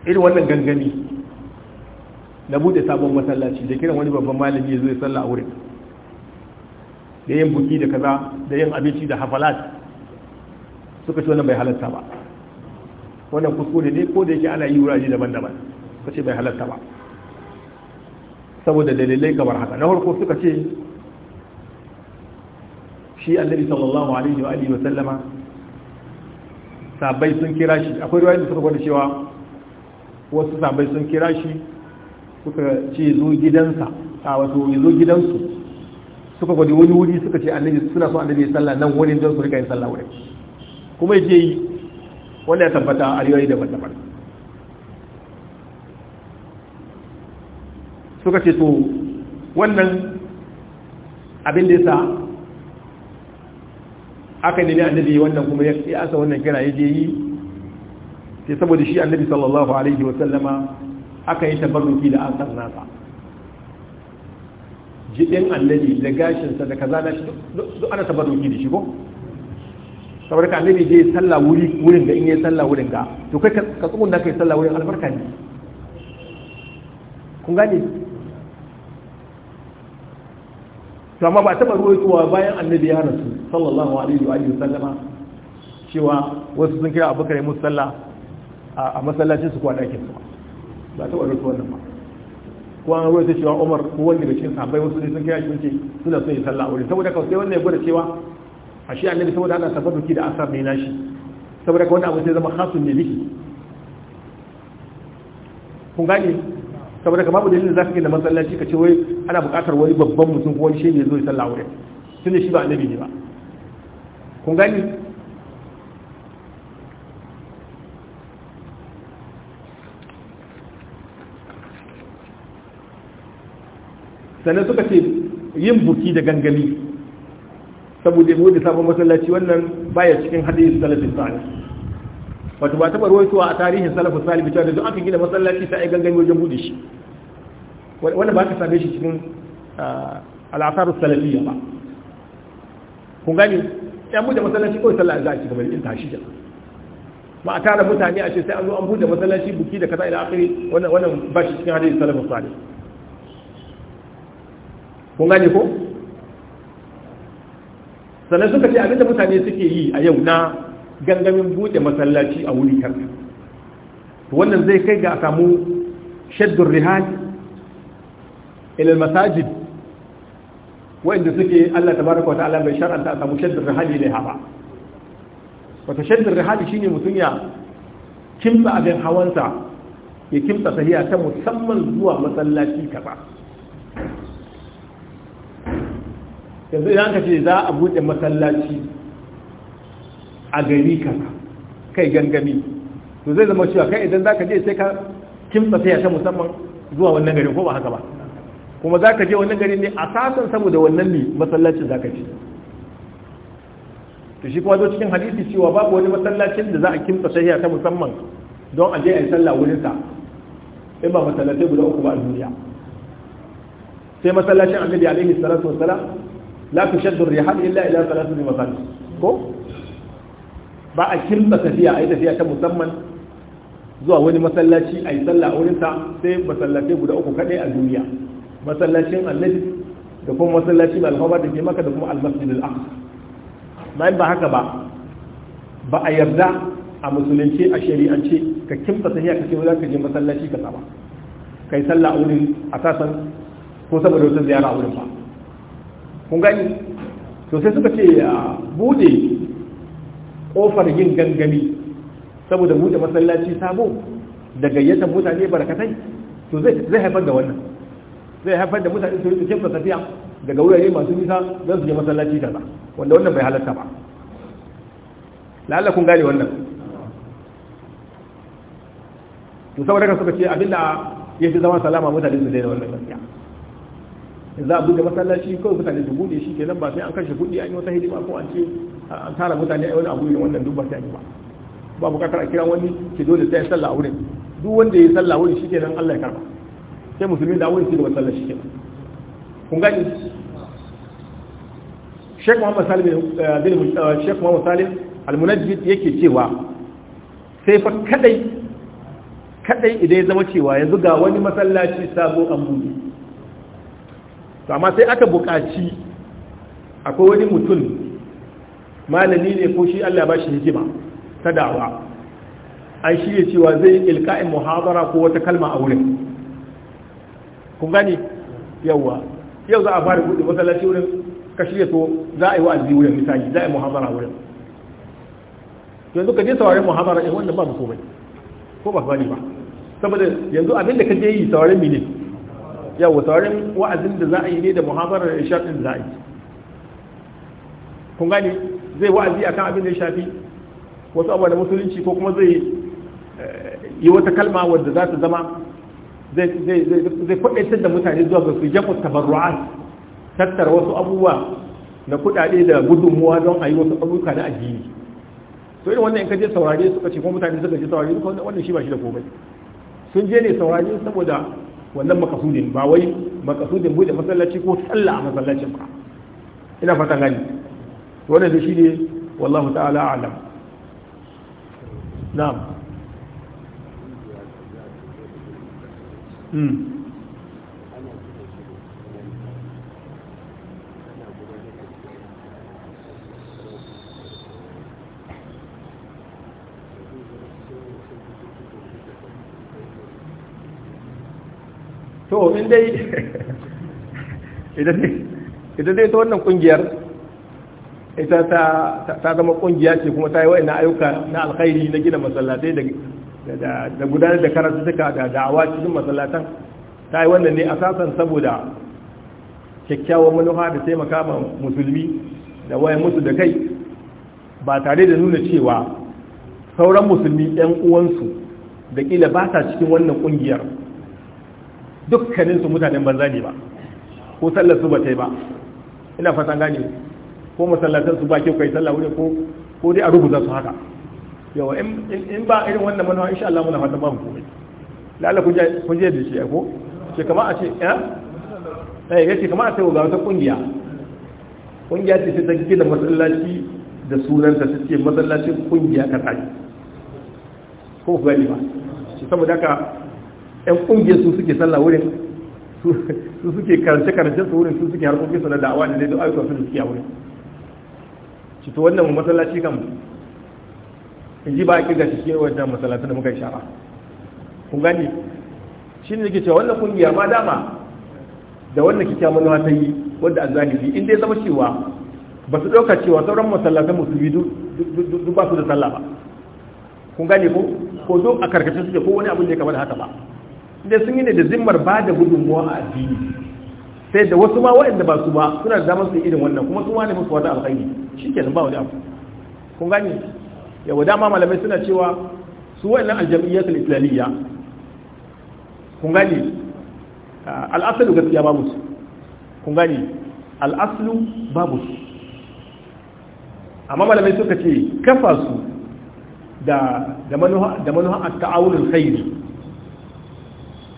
irin wannan gangami na bude sabon masallaci da kiran wani babban malami ya zo ya salla a wurin da yin buki da kaza da yin abinci da hafalat suka ce wannan bai halatta ba wannan kuskure ne ko da yake ana yi wurare daban-daban suka ce bai halatta ba saboda dalilai kamar haka na farko suka ce shi annabi sallallahu alaihi wa alihi wa sallama sabai sun kira shi akwai riwaya da suka gwada cewa wasu sabai sun kira shi suka ce zo gidansa a wato zo gidansu suka gwada wani wuri suka ce annabi suna so annabi ya sallah nan wani don su rika yin sallah wurin kuma yake yi wanda ya tabbata a riwayi daban-daban suka ce to wannan abin da yasa aka nemi annabi wannan kuma ya asa wannan kira ya je yi ke saboda shi annabi sallallahu alaihi wasallama aka yi tabarruki da an nasa jiɗin annabi da gashinsa da kaza shi duk ana doki da shi ko saboda ka annabi je sallah wuri wurin da in yi sallah wurin ga to kai ka tsugun da kai sallah wurin albarka ne kun gane to amma ba ruwa ruwaitowa bayan annabi ya rasu sallallahu alaihi wa sallama cewa wasu sun kira abubakar musu sallah a masallacin su kuwa dakin su ba taba ruwaito wannan ba ko an rawaito cewa Umar ko wani daga cikin sahabbai wasu ne sun kai shi sun ce suna son yin sallah aure saboda kawai sai wannan ya gwada cewa a ashe annabi saboda ana tafarruki da asar ne nashi saboda ka kawai abu sai zama khasun ne biki kun gane saboda kamar dalilin zaka gina masallaci ka ce wai ana buƙatar wani babban mutum ko wani shehi ya zo ya sallah aure tunda shi ba annabi ne ba kun gane sannan suka ce yin buki da gangami saboda mu da sabon masallaci wannan baya cikin hadisi salafin salih wato ba taɓa ruwaitowa a tarihin salafin salih cewa da duk aka gina masallaci sai gangami wajen bude shi wannan ba ka same shi cikin ah, al'asarus salafiyya ba kun gani yan bude masallaci kawai sallah za a ci gaba da tashi da ba a tara mutane a ce sai an zo an bude masallaci buki da kaza ila akhiri wannan wannan ba shi cikin hadisi salafin salih kun gane ko sannan suka ce abinda mutane suke yi a yau na gangamin buɗe masallaci a wuri To wannan zai kai ga a samu shaddun rihaj ilal masajid wa'inda suke Allah tabaraka wa ta'ala bai shar'anta a samu shaddun rihali ne haɓa wata shaddun rihali shine mutum ya kimsa abin hawansa ya kimsa sahiya ta musamman zuwa masallaci kaza yanzu idan ka ce za a buɗe masallaci a gari ka kai gangami to zai zama cewa kai idan za ka je sai ka kimsa sai ta musamman zuwa wannan garin ko ba haka ba kuma za ka je wannan garin ne a sasan saboda wannan ne masallacin za ka ce to shi kuma zo cikin hadisi cewa babu wani masallacin da za a kimsa sai ta musamman don a je a yi sallah wurin sa in ba masallatai guda uku ba a duniya sai masallacin annabi alaihi salatu wasalam لا تشد rihal illa ila thalathati makan ko ba a kirma tafiya ai tafiya ta musamman zuwa wani masallaci ai sallah a wurin sai masallatai guda uku kadai a duniya masallacin annabi da kuma masallaci mai alfawar da ke da kuma almasjid al-aqsa bayan ba haka ba ba a yarda a musulunci a shari'ance ka kimsa ka ce za kai sallah a wurin a sassan ko saboda wata ziyara a wurin ba kun gani to sai suka ce a bude kofar yin gangami saboda bude masallaci sabo da gayyatar mutane barkatai to zai haifar da wannan zai haifar da mutane su rike kemsa tafiya daga wurare masu nisa don su je masallaci kaza wanda wannan bai halatta ba la'alla kun gane wannan to saboda kan suka ce abinda ya fi zama salama mutane su daina wannan gaskiya za a buɗe masallaci kawai mutane su buɗe shi kenan ba sai an kashe kuɗi an yi wata hidima ko an ce an tara mutane a wani abu ne wannan duk ba sai an yi ba ba bukatar a kira wani ke dole sai sallah a wurin duk wanda ya sallah wurin shi kenan Allah ya karba sai musulmi da wurin shi da sallah shi kenan kun gani Sheikh Muhammad Salim eh, bin eh, Sheikh Muhammad Salim al-Munajjid yake cewa sai fa kadai kadai idan ya zama cewa yanzu ga wani masallaci sabo an buɗe to amma sai aka buƙaci akwai wani mutum malami ne ko shi Allah ba shi hikima ta da'awa an shirya cewa zai ilka'in muhadara ko wata kalma a wurin kun gani yawa yau za a fara buɗe masallaci wurin ka shirya to za a yi wa'azi wurin misali za a yi muhadara wurin yanzu ka je sauraron muhadara in eh, wanda ba mu komai ko ba bani ba saboda yanzu abin da ka je yi sauraron ne. yawa sauran wa'azin da za a yi ne da muhabarar irshad din za a yi kun gane zai wa'azi a kan abin da ya shafi wasu abuwa da musulunci ko kuma zai eh, yi wata kalma wadda za ta zama zai kwadaitar da mutane zuwa ga su jafa tabarru'at tattara wasu abubuwa na kudade da gudunmuwa don a yi wasu abubuwa na addini to irin wannan in ka je saurare suka ce kuma mutane suka je saurare suka wannan shi ba shi da komai sun je ne saurare saboda wannan makasudin ba wai makasudin bude masallaci ko sallah a masallacin ba ina fata gani wannan da shi ne wallahu ta'ala alam na'am hmm. to in dai idan dai ta wannan kungiyar ita ta zama kungiya ce kuma ta yi wa'ina ayyuka na alkhairi na gina masallatai da gudanar da suka da da'awa cikin masallatan ta yi wannan ne asasan saboda kyakkyawan manufa da taimaka ma musulmi da wayan musu da kai ba tare da nuna cewa sauran musulmi 'yan uwansu da kila ba ta cikin wannan kungiyar dukkanin su mutanen banza ne ba ko sallar su ba ta yi ba ina fatan gane ko masallatan su ba ke kai sallah wuri ko ko dai a rubuta su haka yawa in ba irin wannan manawa insha Allah muna fatan babu komai lalle kun je kun je da shi ko ce kamar a ce eh eh yace kamar a ce ga wata kungiya kungiya ce ta gina masallaci da sunan ta ce masallacin kungiya ka tsaki ko ku gani ba saboda haka yan kungiyar su suke sallah wurin su suke karance karance su wurin su suke harkokin su na da'awa da daidu ayyukan su da suke a wurin cito wannan masallaci kan in ji ba a kirga shi shi wajen masallaci da muka yi shara kun gani shi ne ke cewa wannan kungiya ma dama da wannan kikyamun ta yi wadda a zahiri in dai zama cewa ba su ɗauka cewa sauran masallatan musulmi duk ba su da sallah ba kun gani ko ko zo a karkashin suke ko wani abin da ya kamar haka ba da sun yi ne da zimmar ba da gudunmuwa a addini sai da wasu ma waɗanda ba su ba suna da damar su irin wannan kuma su ma ne musu wata alkhairi shi kenan ba wani abu kun gane yawa dama malamai suna cewa su waɗannan aljam'iyyatul islamiyya kun gani al'asalu gaskiya babu musu kun gani al'asalu babu musu amma malamai suka ce kafa su da da manuha da manuha khairi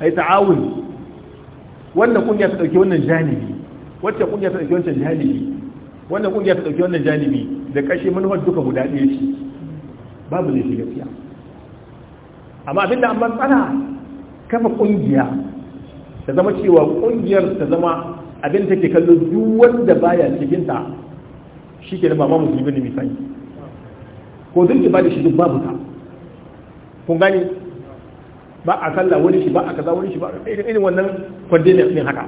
ai ta'awun wannan kungiya ta dauki wannan janibi wacce kungiya ta dauki wancan janibi wannan kungiya ta dauki wannan janibi da kashe manufar duka guda ɗaya shi babu ne shi gaskiya amma da an tsana kafa kungiya ta zama cewa kungiyar ta zama abin take kallo duk wanda baya cikin ta shi ke da ba ma musulmi ne misali ko duk ba da shi duk babu ta kun gani ba a sallah wani shi ba a kaza wani shi ba a irin wannan kwandemin din haka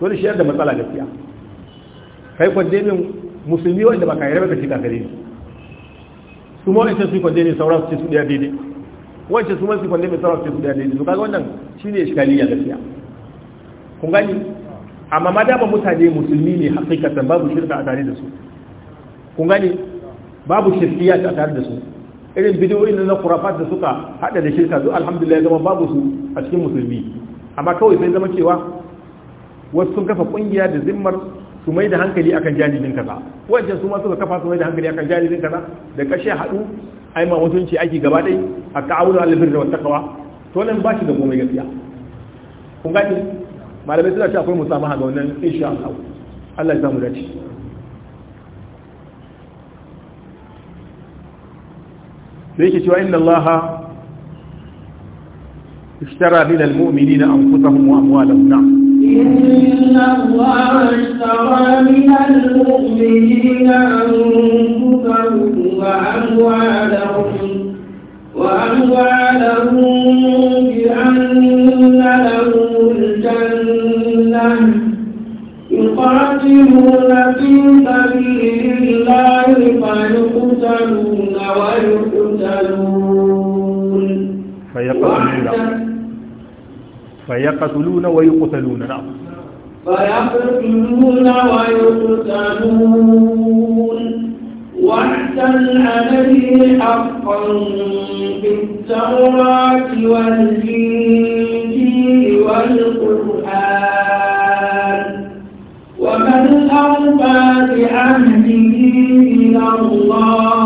dole shi da matsala gaskiya kai kwandemin musulmi wanda ba ka yi rabar kashi kakare ne su ma wancan su yi kwandemin sauran su ce su daya daidai wancan su ma su yi kwandemin sauran su ce su daya daidai to kaga wannan shine iskaliya gaskiya kun gani amma ma dama mutane musulmi ne hakikatan babu shirka a tare da su kun gani babu shirkiya a tare da su irin bidiyoyin na kurafat da suka hada da shirka zuwa alhamdulillah zama babu su a cikin musulmi amma kawai sai zama cewa wasu sun kafa kungiya da zimmar su mai da hankali akan janibin kaza wajen su ma suka kafa su mai da hankali akan janibin kaza da kashe hadu ai ma mutunci aiki gaba dai a ta'awunu alal da wata kawa to nan ba shi da komai gaskiya kun gani malamai suna ce akwai musamman ga wannan insha Allah Allah ya samu dace da yake cewa inna allaha اشترى من المؤمنين أنفسهم وأموالهم نعم إن الله اشترى من المؤمنين أنفسهم وأموالهم وأموالهم بأن لهم الجنة يقاتلون في سبيل الله فيقتلون ويقتلون فيقتلون ويقتلون نعم فيقتلون ويقتلون وحدا عليه حقا في التوراة والإنجيل والقرآن ومن أوفى بعهده إلى الله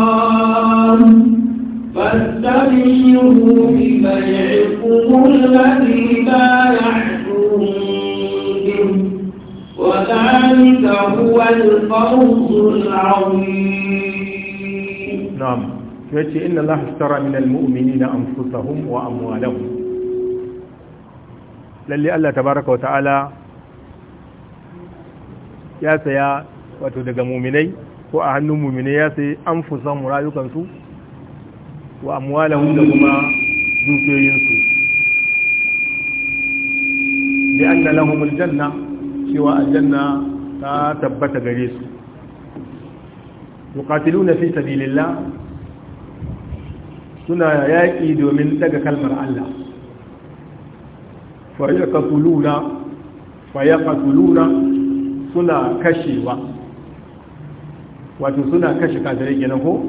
نعم إن الله اشترى من المؤمنين أنفسهم وأموالهم للي الله تبارك وتعالى ياسا يا وتدق مؤمني هو أهل مؤمني ياسي أنفسهم ورايقا سوف وأموالهم لهم dukiyoyinsu bi anna lahum janna, cewa aljanna ta tabbata gare su na fi sabilillah suna yaƙi domin daga kalmar Allah fa suna kashewa wato suna kashe kafirai kenan ko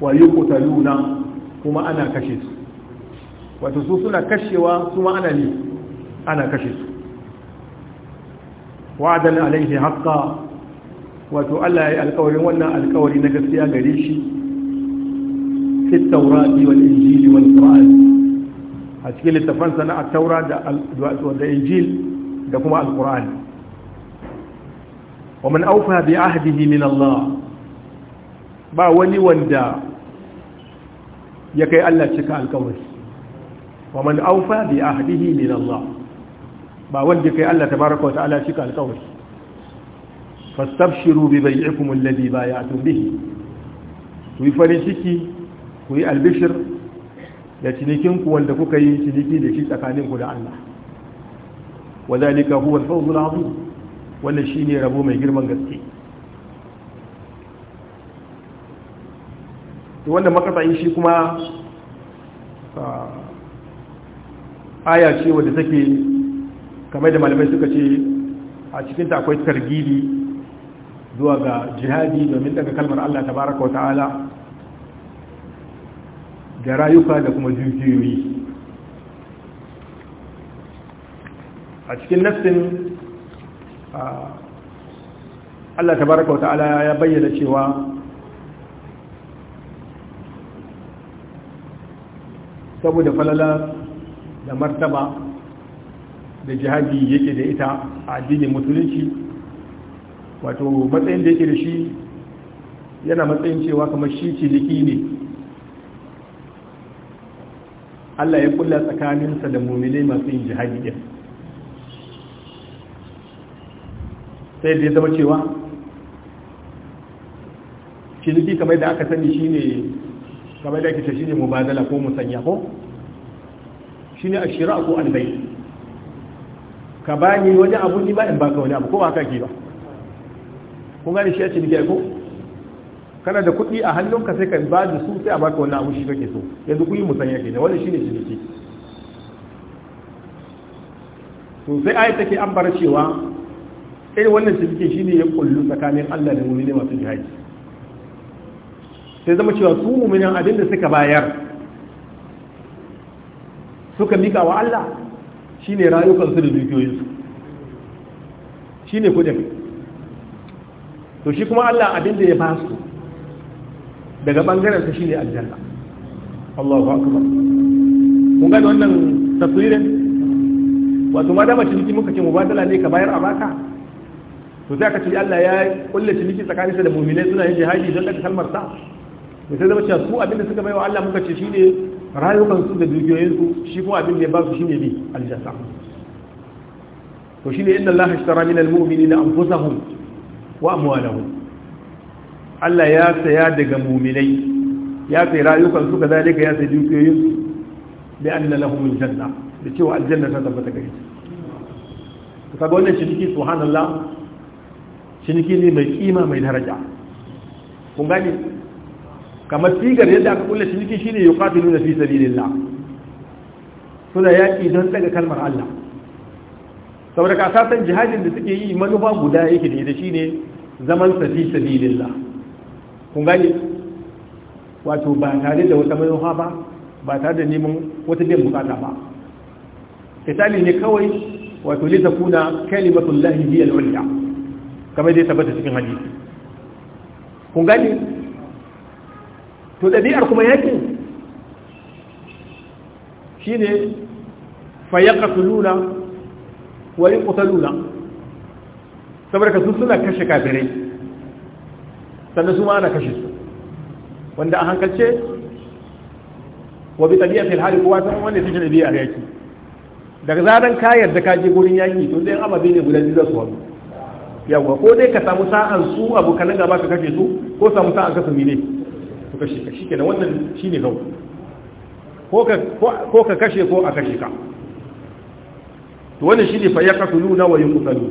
wa kuma ana kashe su wato su suna kashewa su ma'ana ne ana kashe su wa'adan alaihi haqqa wato Allah ya yi alƙawarin wannan alƙawari na gaskiya gare shi fi tawrati wal injili wal qur'an a cikin littafan sana a taura da da injil da kuma alqur'ani wa man awfa bi ahdihi min Allah ba wani wanda ya kai Allah cika alkawari wa man aufa bi ahdihi min Allah ba wanda kai Allah tabaraka wa ta'ala shi ka alƙawari fastabshiru bi bai'ikum alladhi bay'atum bihi ku yi farin ciki kuyi yi albishir da cinikinku wanda kuka yi ciniki da shi tsakaninku da Allah wa zalika huwa al-fawzul 'azim wannan shine rabo mai girman gaske to wannan makatsayin shi kuma aya ce wadda take kamar da malamai suka ce a cikinta akwai targidi zuwa ga jihadi domin daga kalmar Allah tabaraka wa ta'ala da rayuka da kuma dukiyoyi a cikin nafsin Allah tabaraka wa ta'ala ya bayyana cewa saboda falala da martaba da jihadi yake da ita a addinin musulunci wato matsayin da yake da shi yana matsayin cewa kamar shi ciniki ne Allah ya kulla tsakaninsa da mummune masu yin jihadi ɗin sai da ya zama cewa ciniki kamar da aka sani shine kamar da ake ce shine mubadala ko musanya ko shine ashira ko albai ka bani wani abu ni ba in baka wani abu ko ba kake ba kun gane shi ya dike ko kana da kuɗi a hannunka sai ka ba da su sai a baka wani abu shi kake so yanzu kuyi musanya ke da wani shine ciniki to sai ayi take ambara cewa irin wannan dike shine ya kullu tsakanin Allah da mu'mini masu jihadi sai zama cewa su mu'minan abinda suka bayar suka mika wa Allah shine rayukansu da dukiyoyinsu ne kudin to shi kuma Allah abinda ya ba su daga bangaren shi shine aljanna ba kuma kun gani wannan tafsirin wato ma dama ciniki muka ce mubadala ne ka bayar a baka to sai aka ce Allah ya kulle ciniki sa da mu'minai suna yin jihadi don daga kalmar sa to sai zama cewa su abinda suka suka wa Allah muka ce shine rayukansu da dukiyoyinsu shi kuma abin da ya ba su shi ne bi aljasa to shi ne inda Allah ashtara min almu'mini na anfusahum wa amwalahum Allah ya saya daga mu'minai ya sai rayukansu kazalika ya sai dukiyoyinsu bi anna lahum aljanna da cewa aljanna ta tabbata gare su kaga wannan ciniki subhanallah ciniki ne mai kima mai daraja kun gani kamar sigar yadda aka kulle ciniki shine yuqatiluna fi sabilillah suna yaki don daga kalmar Allah saboda ka sasan jihadin da suke yi manufa guda yake da shine zaman sa fi sabilillah kun gani wato ba tare da wata manufa ba ba tare da neman wata biyan bukata ba kitali ne kawai wato li kuna kalimatullahi hiya al-ulya kamar dai tabbata cikin hadisi kun gani to ɗabi'ar kuma yaƙi shi ne nuna, wa yi nuna. saboda ka suna kashe kafirai sannan su ma ana kashe su wanda a hankalce wa bi tabi'a fil hali kowa san wanda take da a yaƙi daga zaren ka da kaji je gurin yaki to dai amabe ne guda biyu za su hawo yawa ko dai ka samu sa'an su abokan gaba ka kashe su ko samu sa'an kasu su ne su kashe ka shike wannan shine kau ko ka kashe ko a kashe ka to wannan shine fa yaqtuluna wa yuqtalu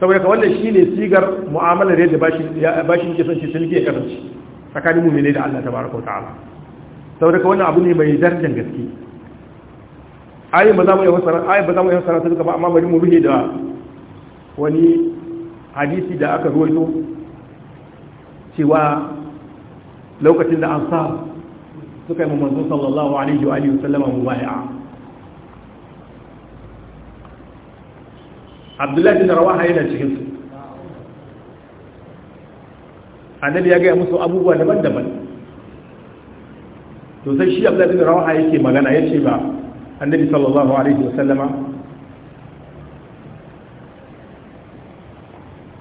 saboda ka wannan shine sigar mu'amalar yadda bashi bashi yake son shi sulke ya kasance tsakanin mu'mini da Allah tabaraka ta'ala saboda ka wannan abu ne mai darajar gaske ayi ba za mu yi fassara ayi ba za mu yi fasara ta ba amma bari mu ruhe da wani hadisi da aka ruwaito cewa lokacin da sa suka yi manzo sallallahu alaihi wa alihi sallama bai'a abdullahi bin rawaha yana cikin su annabi ya gaya musu abubuwa daban-daban to sai shi abdullahi bin rawaha yake magana yace ba annabi sallallahu alaihi wa sallama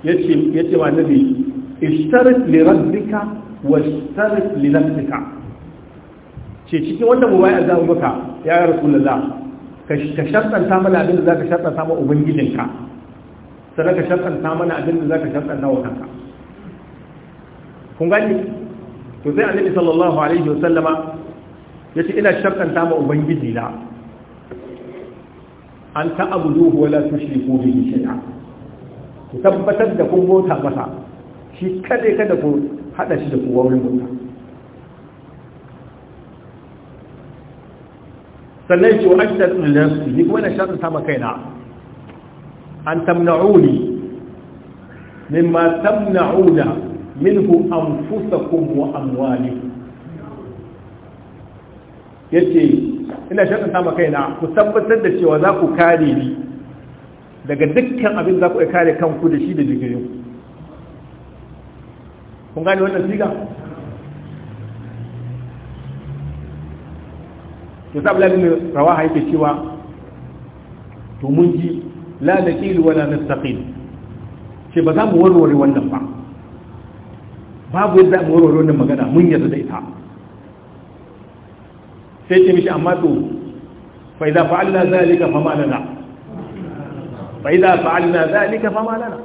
yace yace wa annabi ishtarat li rabbika washtarif لنفسك nafsika cikin wannan mubaya za mu maka ya rasulullah ka shartanta mana abin da zaka shartanta ma ubangijinka sai ka shartanta mana abin da zaka shartanta wa kanka kun gani to sai annabi sallallahu alaihi wasallama yace ina shartanta ma ubangiji na an ta'buduhu wa la tushriku bihi shay'a ku tabbatar da kun bota masa shi kada kada ku hada shi da kowa wani bauta sannan shi wa ashtar da su kuma wani shan sama kaina an tamna'uni mimma tamna'una minhu anfusakum wa ya ce ina shan sama kaina ku tabbatar da cewa za ku kare ni daga dukkan abin za ku kare kanku da shi da digirinku kun gane wannan siga to sa abdullahi bin rawaha yake cewa to mun ji la naqil wala nastaqil ce ba za mu warware wannan ba babu yadda mu warware wannan magana mun yarda da ita sai ce mishi amma to fa idza fa'alna zalika fa ma lana fa idza fa'alna zalika fa ma lana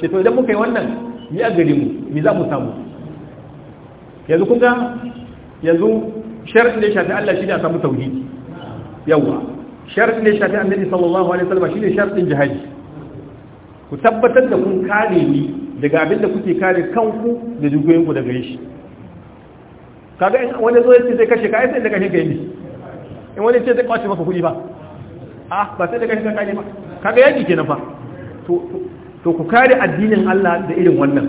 ce to idan muka yi wannan ni a gari mu ni za mu samu yanzu kun ga yanzu sharadin da ya shafi Allah shi ne a samu tauhidi yawa sharadin da ya shafi annabi sallallahu alaihi wasallam ne sharadin jihadi ku tabbatar da kun kare ni daga abin da kuke kare kanku da jigoyin ku daga shi kaga in wani zo yace zai kashe ka sai da kashe kai yi in wani ce zai kwace maka kuɗi ba ah ba sai da kashe ka kai ba kaga yaji kenan fa to to ku kare addinin Allah da irin wannan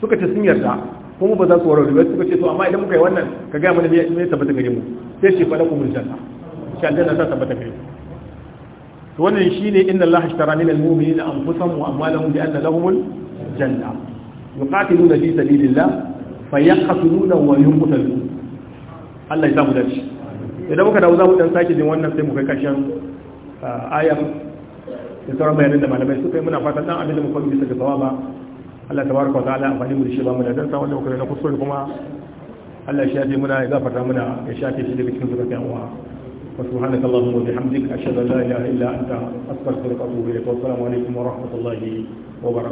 suka ce sun yarda kuma ba za su warware ba suka ce to amma idan muka yi wannan ka ga mana me tabbata gare mu sai ce fala kumul janna shi aljanna ta tabbata gare mu to wannan shine inna Allah ishtara min almu'minina anfusahum wa amwalahum bi anna lahumul janna yuqatiluna fi sabilillah fayaqtuluna wa yuqtaluna Allah ya samu dace idan muka dawo za mu dan sake jin wannan sai mu kai karshen ah, ayar da sauran bayanan da malamai suka yi muna fatan dan abin da bisa ga sawaba Allah tabaraka wa ta'ala amfani mu da shi ba mu da dan sawan da muka yi na kuskure kuma Allah ya shafe muna ya gafarta muna ya shafe shi daga cikin zakatan wa وسبحانك اللهم وبحمدك أشهد أن لا إله إلا أنت أستغفرك وأتوب إليك